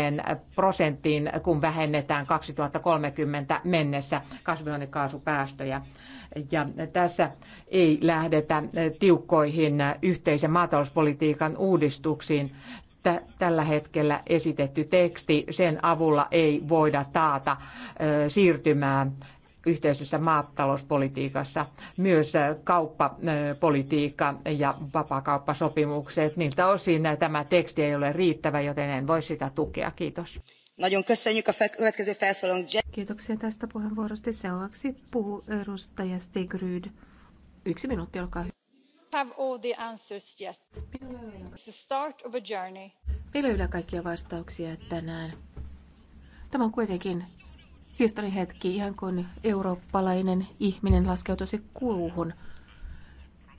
prosenttiin, kun vähennetään 2030 mennessä kasvihuonekaasupäästöjä. Ja tässä ei lähdetä tiukkoihin yhteisen maatalouspolitiikan uudistuksiin tällä hetkellä esitetty teksti, sen avulla ei voida taata siirtymää yhteisessä maatalouspolitiikassa, myös äh, kauppapolitiikka ja vapakauppasopimukset. Niiltä osin äh, tämä teksti ei ole riittävä, joten en
voi sitä tukea. Kiitos. Kiitoksia tästä puheenvuorosta. Seuraavaksi puhuu edustaja Stigryd. Yksi minuutti, olkaa hyvä.
Have all the answers yet. It's the start of a journey.
Meillä ei ole kaikkia vastauksia tänään. Tämä on kuitenkin historiahetki, ihan kuin eurooppalainen ihminen laskeutuisi kuuhun.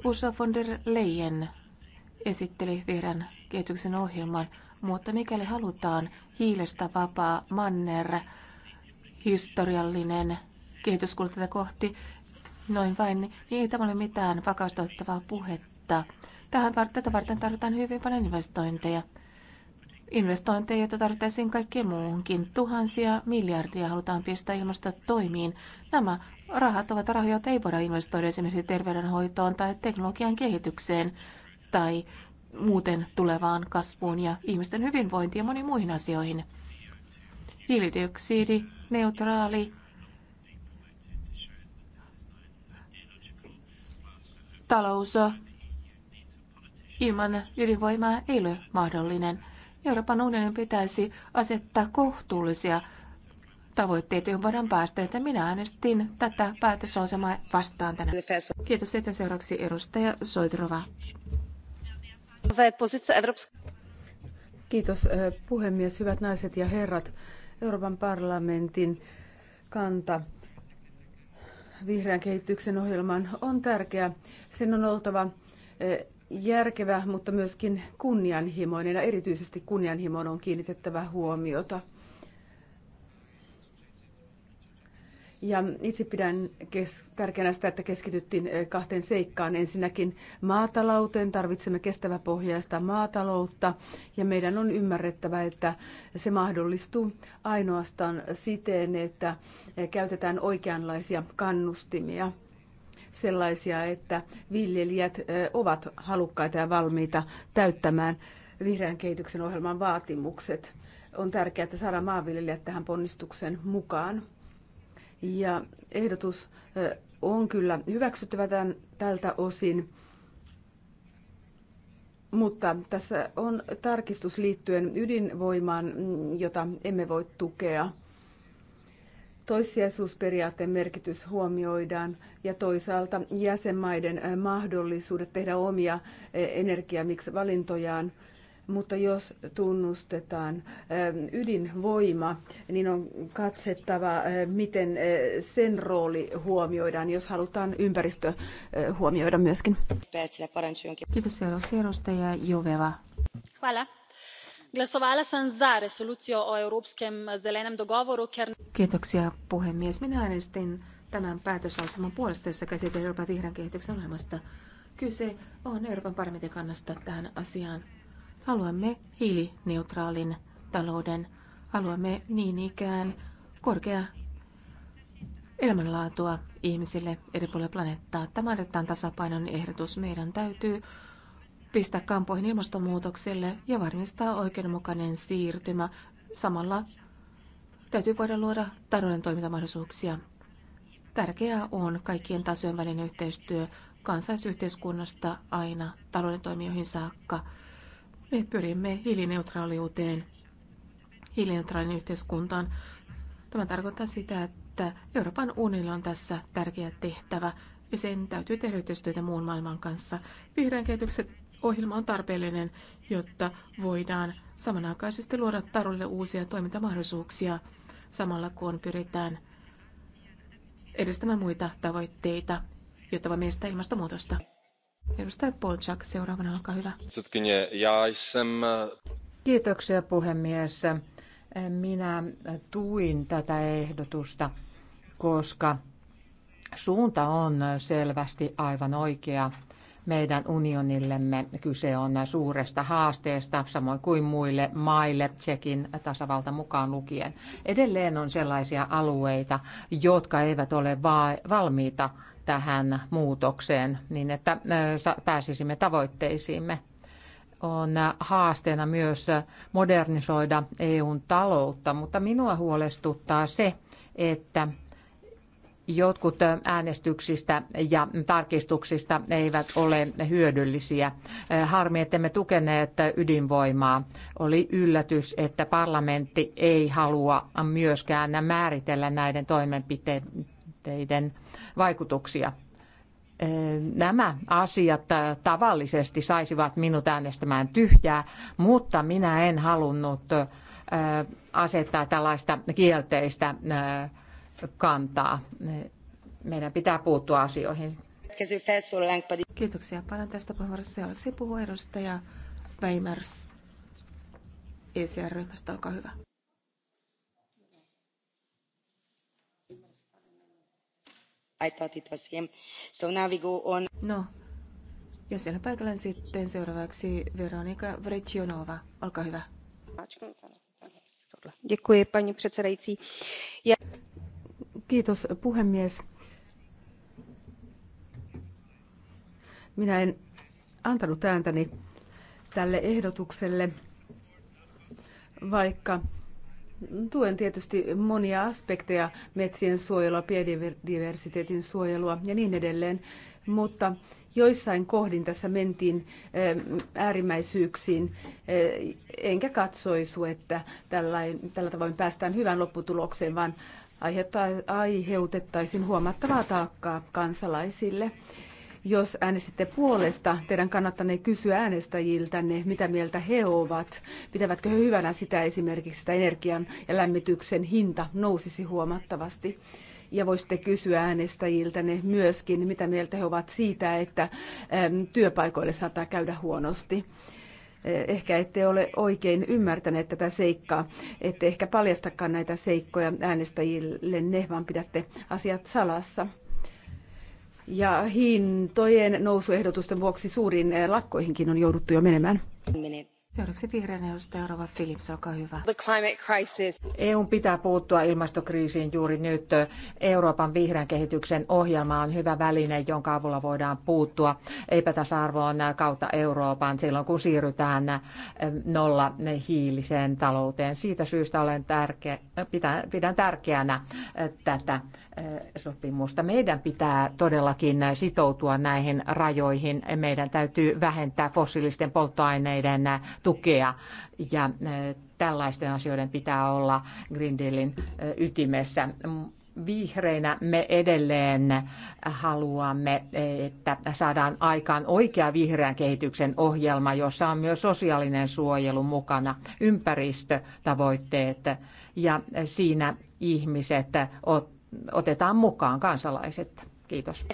Ursula von der Leyen esitteli vihreän kehityksen ohjelman, mutta mikäli halutaan hiilestä vapaa manner, historiallinen kehityskulku kohti, noin vain, niin ei tämä ole mitään vakaustoittavaa puhetta. Tähän, tätä varten tarvitaan hyvin paljon investointeja. Investointeja, joita tarvittaisiin kaikkeen muuhunkin. Tuhansia miljardia halutaan pistää ilmasta toimiin. Nämä rahat ovat rahoja, joita ei voida investoida esimerkiksi terveydenhoitoon tai teknologian kehitykseen tai muuten tulevaan kasvuun ja ihmisten hyvinvointiin ja moniin muihin asioihin. Hiilidioksidi, neutraali, talous ilman ydinvoimaa ei ole mahdollinen. Euroopan unionin pitäisi asettaa kohtuullisia tavoitteita, joihin voidaan päästä, että minä äänestin tätä päätösosemaa vastaan tänään. Kiitos sitten seuraavaksi edustaja
Soitrova. Kiitos eh, puhemies, hyvät naiset ja herrat. Euroopan parlamentin kanta vihreän kehityksen ohjelman on tärkeä. Sen on oltava eh, järkevä, mutta myöskin kunnianhimoinen ja erityisesti kunnianhimoon on kiinnitettävä huomiota. Ja itse pidän kes- tärkeänä sitä, että keskityttiin eh, kahteen seikkaan. Ensinnäkin maatalouteen. Tarvitsemme kestäväpohjaista maataloutta ja meidän on ymmärrettävä, että se mahdollistuu ainoastaan siten, että eh, käytetään oikeanlaisia kannustimia – sellaisia, että viljelijät ovat halukkaita ja valmiita täyttämään vihreän kehityksen ohjelman vaatimukset. On tärkeää, että saadaan maanviljelijät tähän ponnistuksen mukaan. Ja ehdotus on kyllä hyväksyttävä tämän, tältä osin, mutta tässä on tarkistus liittyen ydinvoimaan, mm, jota emme voi tukea toissijaisuusperiaatteen merkitys huomioidaan ja toisaalta jäsenmaiden mahdollisuudet tehdä omia energiamiksvalintojaan. Mutta jos tunnustetaan ydinvoima, niin on katsettava, miten sen rooli huomioidaan, jos halutaan ympäristö huomioida myöskin. Kiitos seuraavaksi edustaja Joveva.
Hvala. Glasovala sem za resolucijo o evropskem zelenem dogovoru, ker...
Kiitoksia puhemies. Minä äänestin tämän päätöslauselman puolesta, jossa käsitellään Euroopan vihreän kehityksen ohjelmasta. Kyse on Euroopan parlamentin kannasta tähän asiaan. Haluamme hiilineutraalin talouden. Haluamme niin ikään korkea elämänlaatua ihmisille eri puolilla planeettaa. Tämä on tasapainon ehdotus. Meidän täytyy pistää kampoihin ilmastonmuutokselle ja varmistaa oikeudenmukainen siirtymä. Samalla täytyy voida luoda talouden toimintamahdollisuuksia. Tärkeää on kaikkien tasojen välinen yhteistyö kansaisyhteiskunnasta aina talouden toimijoihin saakka. Me pyrimme hiilineutraaliuteen, hiilineutraalin yhteiskuntaan. Tämä tarkoittaa sitä, että Euroopan unionilla on tässä tärkeä tehtävä ja sen täytyy tehdä yhteistyötä muun maailman kanssa. Vihreän kehityksen ohjelma on tarpeellinen, jotta voidaan samanaikaisesti luoda tarolle uusia toimintamahdollisuuksia samalla kun pyritään edistämään muita tavoitteita, jotta voimme estää ilmastonmuutosta. Edustaja Polchak, seuraavana olkaa hyvä.
Äh,
Kiitoksia puhemies.
Minä tuin tätä ehdotusta, koska suunta on selvästi aivan oikea meidän unionillemme. Kyse on suuresta haasteesta, samoin kuin muille maille, Tsekin tasavalta mukaan lukien. Edelleen on sellaisia alueita, jotka eivät ole valmiita tähän muutokseen, niin että pääsisimme tavoitteisiimme. On haasteena myös modernisoida EUn taloutta, mutta minua huolestuttaa se, että jotkut äänestyksistä ja tarkistuksista eivät ole hyödyllisiä. Harmi, että tukeneet ydinvoimaa. Oli yllätys, että parlamentti ei halua myöskään määritellä näiden toimenpiteiden vaikutuksia. Nämä asiat tavallisesti saisivat minut äänestämään tyhjää, mutta minä en halunnut asettaa tällaista kielteistä kantaa. Meidän pitää puuttua asioihin.
Kiitoksia paljon tästä puheenvuorosta. Seuraavaksi puhuu edustaja Weimers ECR-ryhmästä. Olkaa hyvä.
I thought it was him.
So now we go on.
No, ja siellä paikalla sitten seuraavaksi Veronika Vrecionova. Olkaa hyvä.
Děkuji, paní předsedající. Kiitos puhemies. Minä en antanut ääntäni tälle ehdotukselle, vaikka tuen tietysti monia aspekteja, metsien suojelua, biodiversiteetin suojelua ja niin edelleen, mutta joissain kohdin tässä mentiin eh, äärimmäisyyksiin, eh, enkä katsoisu, että tällä tavoin päästään hyvään lopputulokseen, vaan aiheutettaisiin huomattavaa taakkaa kansalaisille. Jos äänestitte puolesta, teidän kannattanee kysyä äänestäjiltänne, mitä mieltä he ovat. Pitävätkö he hyvänä sitä esimerkiksi, että energian ja lämmityksen hinta nousisi huomattavasti ja voisitte kysyä äänestäjiltäne myöskin, mitä mieltä he ovat siitä, että työpaikoille saattaa käydä huonosti. Eh, ehkä ette ole oikein ymmärtäneet tätä seikkaa, ette ehkä paljastakaan näitä seikkoja äänestäjille, ne vaan pidätte asiat salassa. Ja hintojen nousuehdotusten vuoksi suuriin eh, lakkoihinkin on jouduttu jo menemään. Seuraavaksi vihreän edustaja Rova Philips olkaa
hyvä.
The climate crisis.
EUn pitää puuttua ilmastokriisiin juuri nyt. Euroopan vihreän kehityksen ohjelma on hyvä väline, jonka avulla voidaan puuttua epätasa-arvoon kautta Euroopan silloin, kun siirrytään nolla hiiliseen talouteen. Siitä syystä olen tärkeä, pitää, pidän tärkeänä tätä sopimusta. Meidän pitää todellakin sitoutua näihin rajoihin. Meidän täytyy vähentää fossiilisten polttoaineiden tukea ja e, tällaisten asioiden pitää olla Green Dealin e, ytimessä. Vihreinä me edelleen haluamme, e, että saadaan aikaan oikea vihreän kehityksen ohjelma, jossa on myös sosiaalinen suojelu mukana, ympäristötavoitteet ja siinä ihmiset ottaa otetaan mukaan kansalaiset. Kiitos.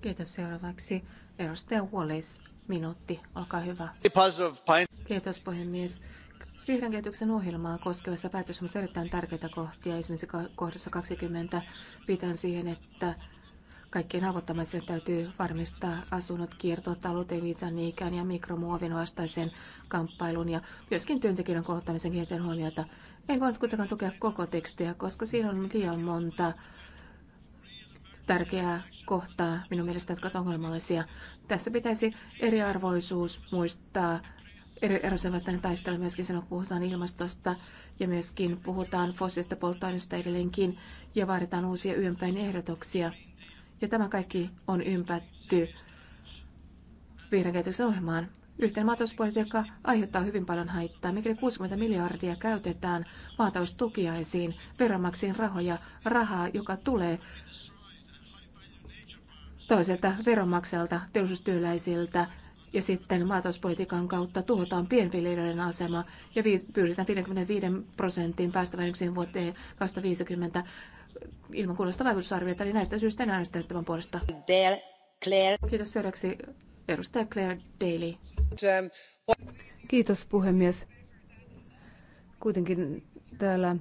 Kiitos seuraavaksi. Edustaja Wallis, minuutti, olkaa hyvä. Kiitos puhemies. Vihreän kehityksen ohjelmaa koskevassa päätöksessä on erittäin tärkeitä kohtia. Esimerkiksi kohdassa 20 pitää siihen, että kaikkien avottamaisen täytyy varmistaa asunnot kiertotalouteen, vitaniikään ja mikromuovin vastaisen kamppailun ja myöskin työntekijän kouluttamisen kiinnitetään huomiota. En voinut kuitenkaan tukea koko tekstiä, koska siinä on liian monta tärkeää kohtaa minun mielestä, jotka ovat ongelmallisia. Tässä pitäisi eriarvoisuus muistaa, eri, erosen vastainen taistelu myöskin sanoo, kun puhutaan ilmastosta ja myöskin puhutaan fossiilista polttoaineista edelleenkin ja vaaditaan uusia ympäin ehdotuksia. Ja tämä kaikki on ympätty vihreän ohjelmaan yhteen maatalouspolitiikka aiheuttaa hyvin paljon haittaa. Mikäli 60 miljardia käytetään maataloustukiaisiin, veronmaksiin rahoja, rahaa, joka tulee toiselta veronmaksajalta, teollisuustyöläisiltä, ja sitten maatalouspolitiikan kautta tuhotaan pienviljelijöiden asema ja viis, pyritään 55 prosentin päästövähennyksiin vuoteen 2050 ilman kuulosta vaikutusarviota, eli niin näistä syistä en äänestänyt tämän puolesta. Claire. Kiitos seuraavaksi edustaja
Claire Daly. Um, Kiitos puhemies. Kuitenkin täällä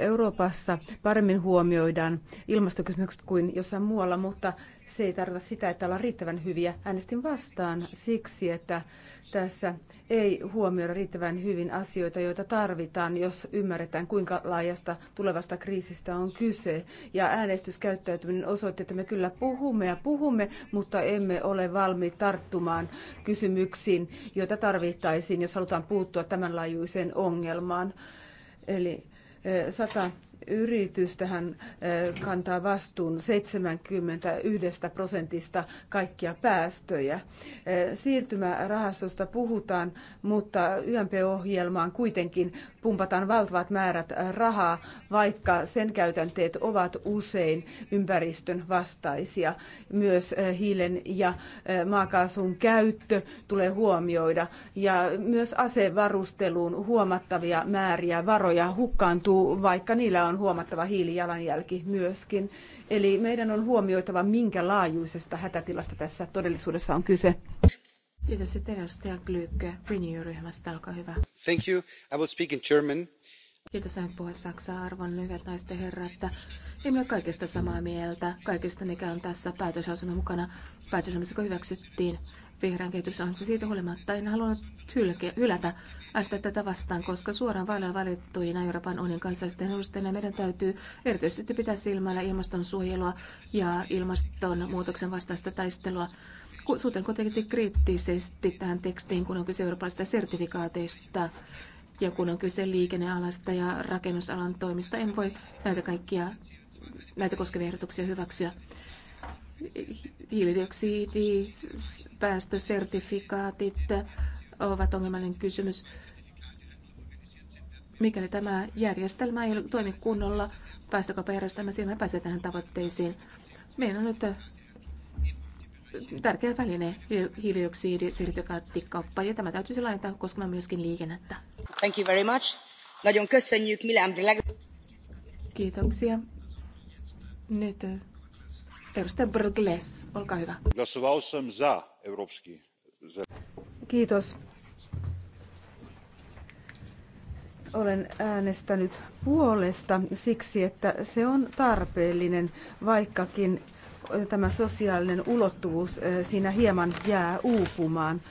Euroopassa paremmin huomioidaan ilmastokysymykset kuin jossain muualla, mutta se ei tarkoita sitä, että ollaan riittävän hyviä. Äänestin vastaan siksi, että tässä ei huomioida riittävän hyvin asioita, joita tarvitaan, jos ymmärretään, kuinka laajasta tulevasta kriisistä on kyse. Ja äänestyskäyttäytyminen osoitti, että me kyllä puhumme ja puhumme, mutta emme ole valmiit tarttumaan kysymyksiin, joita tarvittaisiin, jos halutaan puuttua tämänlaajuiseen ongelmaan. Eli 100 eh, tähän kantaa vastuun 71 prosentista kaikkia päästöjä. Siirtymärahastosta puhutaan, mutta YMP-ohjelmaan kuitenkin pumpataan valtavat määrät rahaa, vaikka sen käytänteet ovat usein ympäristön vastaisia. Myös hiilen ja maakaasun käyttö tulee huomioida ja myös asevarusteluun huomattavia määriä varoja hukkaantuu, vaikka niillä on on huomattava hiilijalanjälki myöskin. Eli meidän on huomioitava, minkä laajuisesta hätätilasta tässä todellisuudessa on kyse. Kiitos sitten edustaja Glyke, Renew-ryhmästä, olkaa hyvä. Thank you. I will speak in
German.
Kiitos että puhua Saksaa, arvon hyvät naiset ja herrat. Emme ole kaikesta samaa mieltä, kaikesta mikä on tässä päätösasemassa mukana, päätösasemassa kun hyväksyttiin vihreän kehitysohjelmasta. Siitä huolimatta en halunnut hylke, hylätä äänestää tätä vastaan, koska suoraan vaaleilla valittuina Euroopan unionin kansallisten edustajina meidän täytyy erityisesti pitää silmällä ilmastonsuojelua ja ilmastonmuutoksen vastaista taistelua. Suhteen kuitenkin kriittisesti tähän tekstiin, kun on kyse eurooppalaisista sertifikaateista ja kun on kyse liikennealasta ja rakennusalan toimista, en voi näitä kaikkia näitä koskevia ehdotuksia hyväksyä hiilidioksidi, päästösertifikaatit ovat ongelmallinen kysymys. Mikäli tämä järjestelmä ei toimi kunnolla, päästökauppajärjestelmä, silloin me pääsemme tähän tavoitteisiin. Meillä on nyt äh, tärkeä väline hiilidioksidisertifikaattikauppa ja tämä täytyisi laajentaa koskemaan myöskin liikennettä. Thank you very much. Nagyon köszönjük Milan Kiitoksia. Nyt äh, Edustaja Brgles, olkaa hyvä.
Kiitos. Olen äänestänyt puolesta siksi, että se on tarpeellinen, vaikkakin tämä sosiaalinen ulottuvuus eh, siinä hieman jää uupumaan.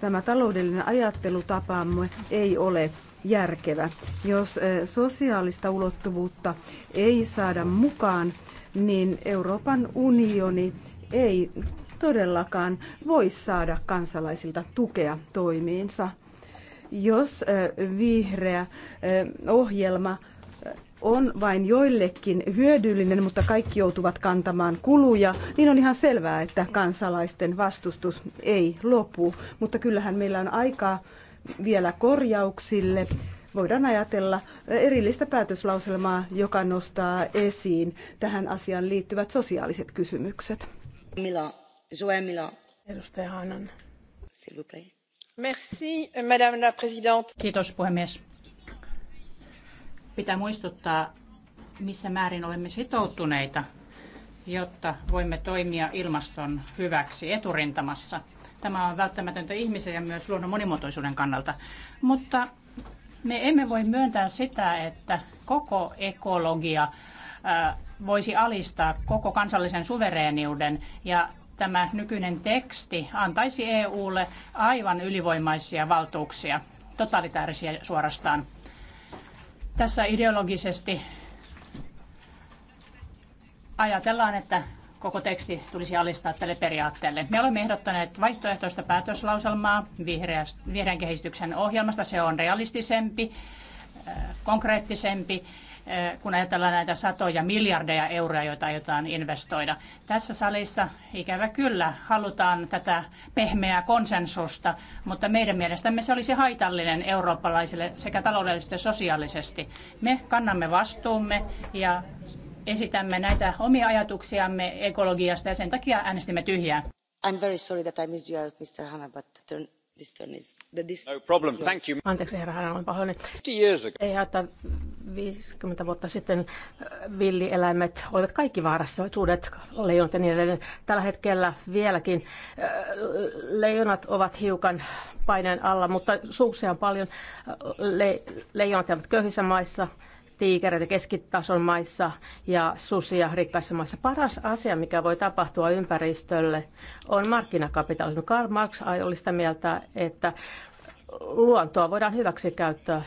Tämä taloudellinen ajattelutapamme ei ole järkevä. Jos eh, sosiaalista ulottuvuutta ei saada mukaan, niin Euroopan unioni ei todellakaan voi saada kansalaisilta tukea toimiinsa. Jos vihreä ohjelma on vain joillekin hyödyllinen, mutta kaikki joutuvat kantamaan kuluja, niin on ihan selvää, että kansalaisten vastustus ei lopu. Mutta kyllähän meillä on aikaa vielä korjauksille voidaan ajatella erillistä päätöslauselmaa, joka nostaa esiin tähän asiaan liittyvät sosiaaliset kysymykset.
Mila, Joe Mila. Edustaja Hanan. S'il vous plaît.
Merci, Madame la Présidente. Kiitos puhemies. Pitää muistuttaa, missä määrin olemme sitoutuneita, jotta voimme toimia ilmaston hyväksi eturintamassa. Tämä on välttämätöntä ihmisen ja myös luonnon monimuotoisuuden kannalta. Mutta me emme voi myöntää sitä, että koko ekologia voisi alistaa koko kansallisen suvereeniuden ja tämä nykyinen teksti antaisi EUlle aivan ylivoimaisia valtuuksia, totalitaarisia suorastaan. Tässä ideologisesti ajatellaan, että koko teksti tulisi alistaa tälle periaatteelle. Me olemme ehdottaneet vaihtoehtoista päätöslauselmaa vihreän kehityksen ohjelmasta. Se on realistisempi, äh, konkreettisempi, äh, kun ajatellaan näitä satoja miljardeja euroja, joita aiotaan investoida. Tässä salissa ikävä kyllä halutaan tätä pehmeää konsensusta, mutta meidän mielestämme se olisi haitallinen eurooppalaisille sekä taloudellisesti että sosiaalisesti. Me kannamme vastuumme ja esitämme näitä omia ajatuksiamme ekologiasta ja sen takia äänestimme tyhjää.
I'm very sorry that I missed you out, Mr. Hanna, but the turn, this turn is... The, this no problem, is thank you.
Anteeksi, herra Hanna,
olen pahoillani. Years ago. Ei haittaa, 50 vuotta sitten äh, villieläimet olivat kaikki vaarassa, suudet, leijonat ja niin edelleen. Tällä hetkellä vieläkin äh, leijonat ovat hiukan paineen alla, mutta suuksia on paljon. Äh, le- leijonat jäävät köyhissä maissa, tiikereitä keskitason maissa ja susia rikkaissa maissa. Paras asia, mikä voi tapahtua ympäristölle, on markkinakapitalismi. Karl Marx oli sitä mieltä, että luontoa voidaan hyväksi käyttää,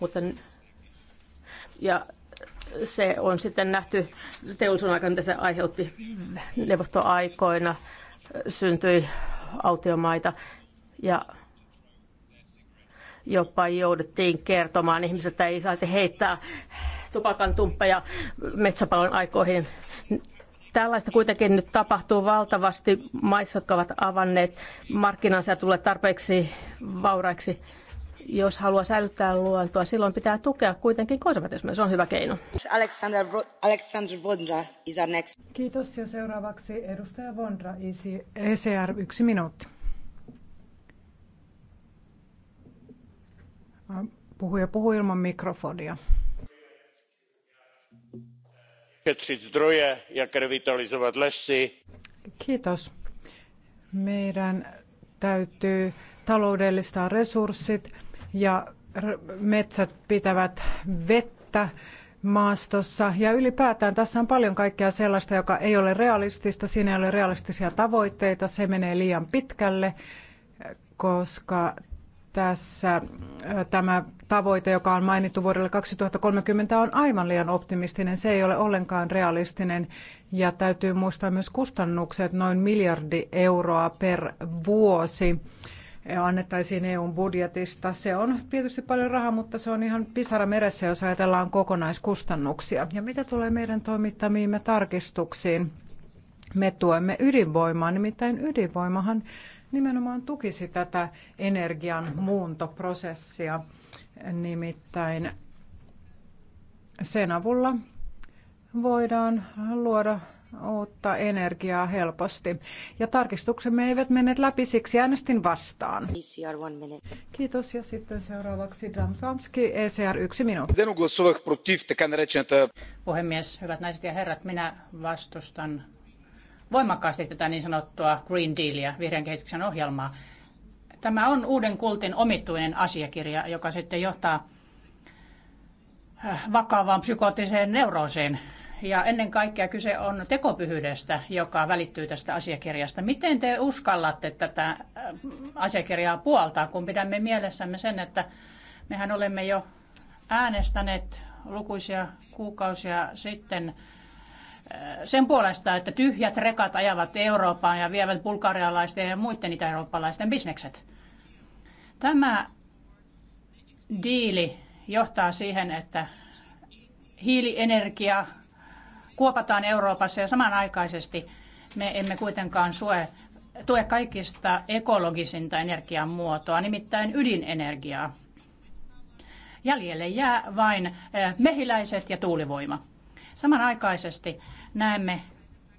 mutta ja se on sitten nähty teollisuuden aikana, mitä se aiheutti neuvostoaikoina, syntyi autiomaita ja jopa jouduttiin kertomaan ihmisille, että ei saisi heittää tupakan tumppeja metsäpalon aikoihin. Tällaista kuitenkin nyt tapahtuu valtavasti maissa, jotka ovat avanneet markkinansa ja tulleet tarpeeksi vauraiksi. Jos haluaa säilyttää luontoa, silloin pitää tukea kuitenkin konservatismia. Se on hyvä keino.
Alexander, Alexander Vondra
is our next. Kiitos ja seuraavaksi edustaja Vondra,
ECR, yksi minuutti.
Puhuja puhuu ilman mikrofonia. Kiitos. Meidän täytyy taloudellistaa resurssit ja metsät pitävät vettä maastossa ja ylipäätään tässä on paljon kaikkea sellaista, joka ei ole realistista, siinä ei ole realistisia tavoitteita, se menee liian pitkälle, koska tässä tämä tavoite, joka on mainittu vuodelle 2030, on aivan liian optimistinen. Se ei ole ollenkaan realistinen ja täytyy muistaa myös kustannukset, noin miljardi euroa per vuosi annettaisiin EUn budjetista. Se on tietysti paljon rahaa, mutta se on ihan pisara meressä, jos ajatellaan kokonaiskustannuksia. Ja mitä tulee meidän toimittamiimme tarkistuksiin? Me tuemme ydinvoimaa, nimittäin ydinvoimahan nimenomaan tukisi tätä energian muuntoprosessia. Nimittäin sen avulla voidaan luoda uutta energiaa helposti. Ja tarkistuksemme eivät menneet läpi, siksi äänestin vastaan. Kiitos ja sitten seuraavaksi Dramfamski, ECR 1
minuutti. Puhemies, hyvät naiset ja herrat, minä vastustan voimakkaasti tätä niin sanottua Green Dealia, vihreän kehityksen ohjelmaa. Tämä on uuden kultin omittuinen asiakirja, joka sitten johtaa äh, vakavaan psykoottiseen neuroosiin. Ja ennen kaikkea kyse on tekopyhyydestä, joka välittyy tästä asiakirjasta. Miten te uskallatte tätä äh, asiakirjaa puoltaa, kun pidämme mielessämme sen, että mehän olemme jo äänestäneet lukuisia kuukausia sitten sen puolesta, että tyhjät rekat ajavat Eurooppaan ja vievät bulgarialaisten ja muiden itä-eurooppalaisten bisnekset. Tämä diili johtaa siihen, että hiilienergia kuopataan Euroopassa ja samanaikaisesti me emme kuitenkaan sue, tue kaikista ekologisinta energiamuotoa, muotoa, nimittäin ydinenergiaa. Jäljelle jää vain eh, mehiläiset ja tuulivoima. Samanaikaisesti Näemme,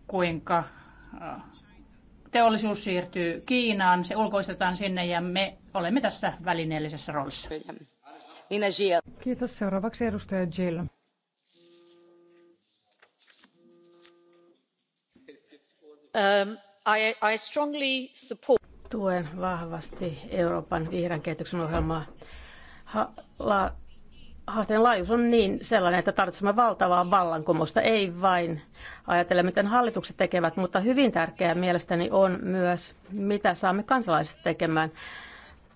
kuinka äh, teollisuus siirtyy Kiinaan, se ulkoistetaan sinne ja me olemme tässä välineellisessä roolissa.
Kiitos. Seuraavaksi edustaja Jill.
Um,
I, I strongly support... Tuen vahvasti Euroopan vihreän kehityksen ohjelmaa. Ha, la, haasteen laajuus on niin sellainen, että tarvitsemme valtavaa vallankumousta, ei vain ajatella, miten hallitukset tekevät, mutta hyvin tärkeää mielestäni on myös, mitä saamme kansalaiset tekemään.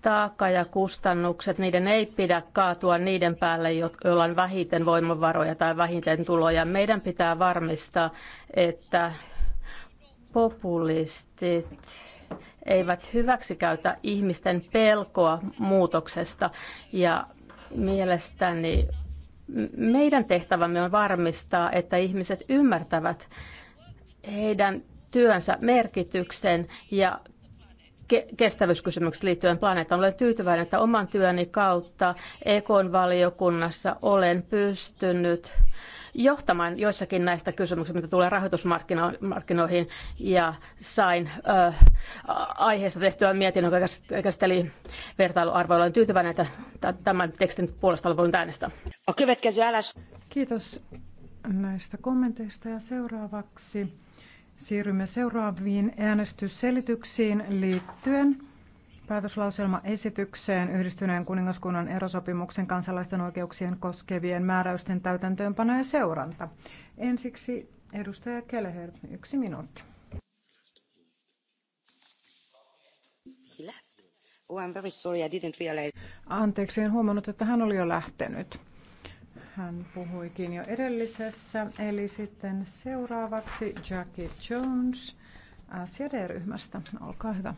Taakka ja kustannukset, niiden ei pidä kaatua niiden päälle, joilla on vähiten voimavaroja tai vähiten tuloja. Meidän pitää varmistaa, että populistit eivät hyväksikäytä ihmisten pelkoa muutoksesta ja Mielestäni meidän tehtävämme on varmistaa, että ihmiset ymmärtävät heidän työnsä merkityksen ja ke- kestävyyskysymykset liittyen planeettaan. Olen tyytyväinen, että oman työni kautta Ekon valiokunnassa olen pystynyt johtamaan joissakin näistä kysymyksistä, mitä tulee rahoitusmarkkinoihin, ja sain ö, aiheesta tehtyä mietinnön, joka käsitteli vertailuarvoa. Olen tyytyväinen, että tämän tekstin puolesta olen voinut äänestää.
Kiitos näistä kommenteista ja seuraavaksi Siirrymme seuraaviin äänestysselityksiin liittyen päätöslauselmaesitykseen yhdistyneen kuningaskunnan erosopimuksen kansalaisten oikeuksien koskevien määräysten täytäntöönpano ja seuranta. Ensiksi edustaja Keleher, yksi minuutti. Oh, Anteeksi, en huomannut, että hän oli jo lähtenyt. Hän puhuikin jo edellisessä, eli sitten seuraavaksi Jackie Jones SJD-ryhmästä. Olkaa hyvä.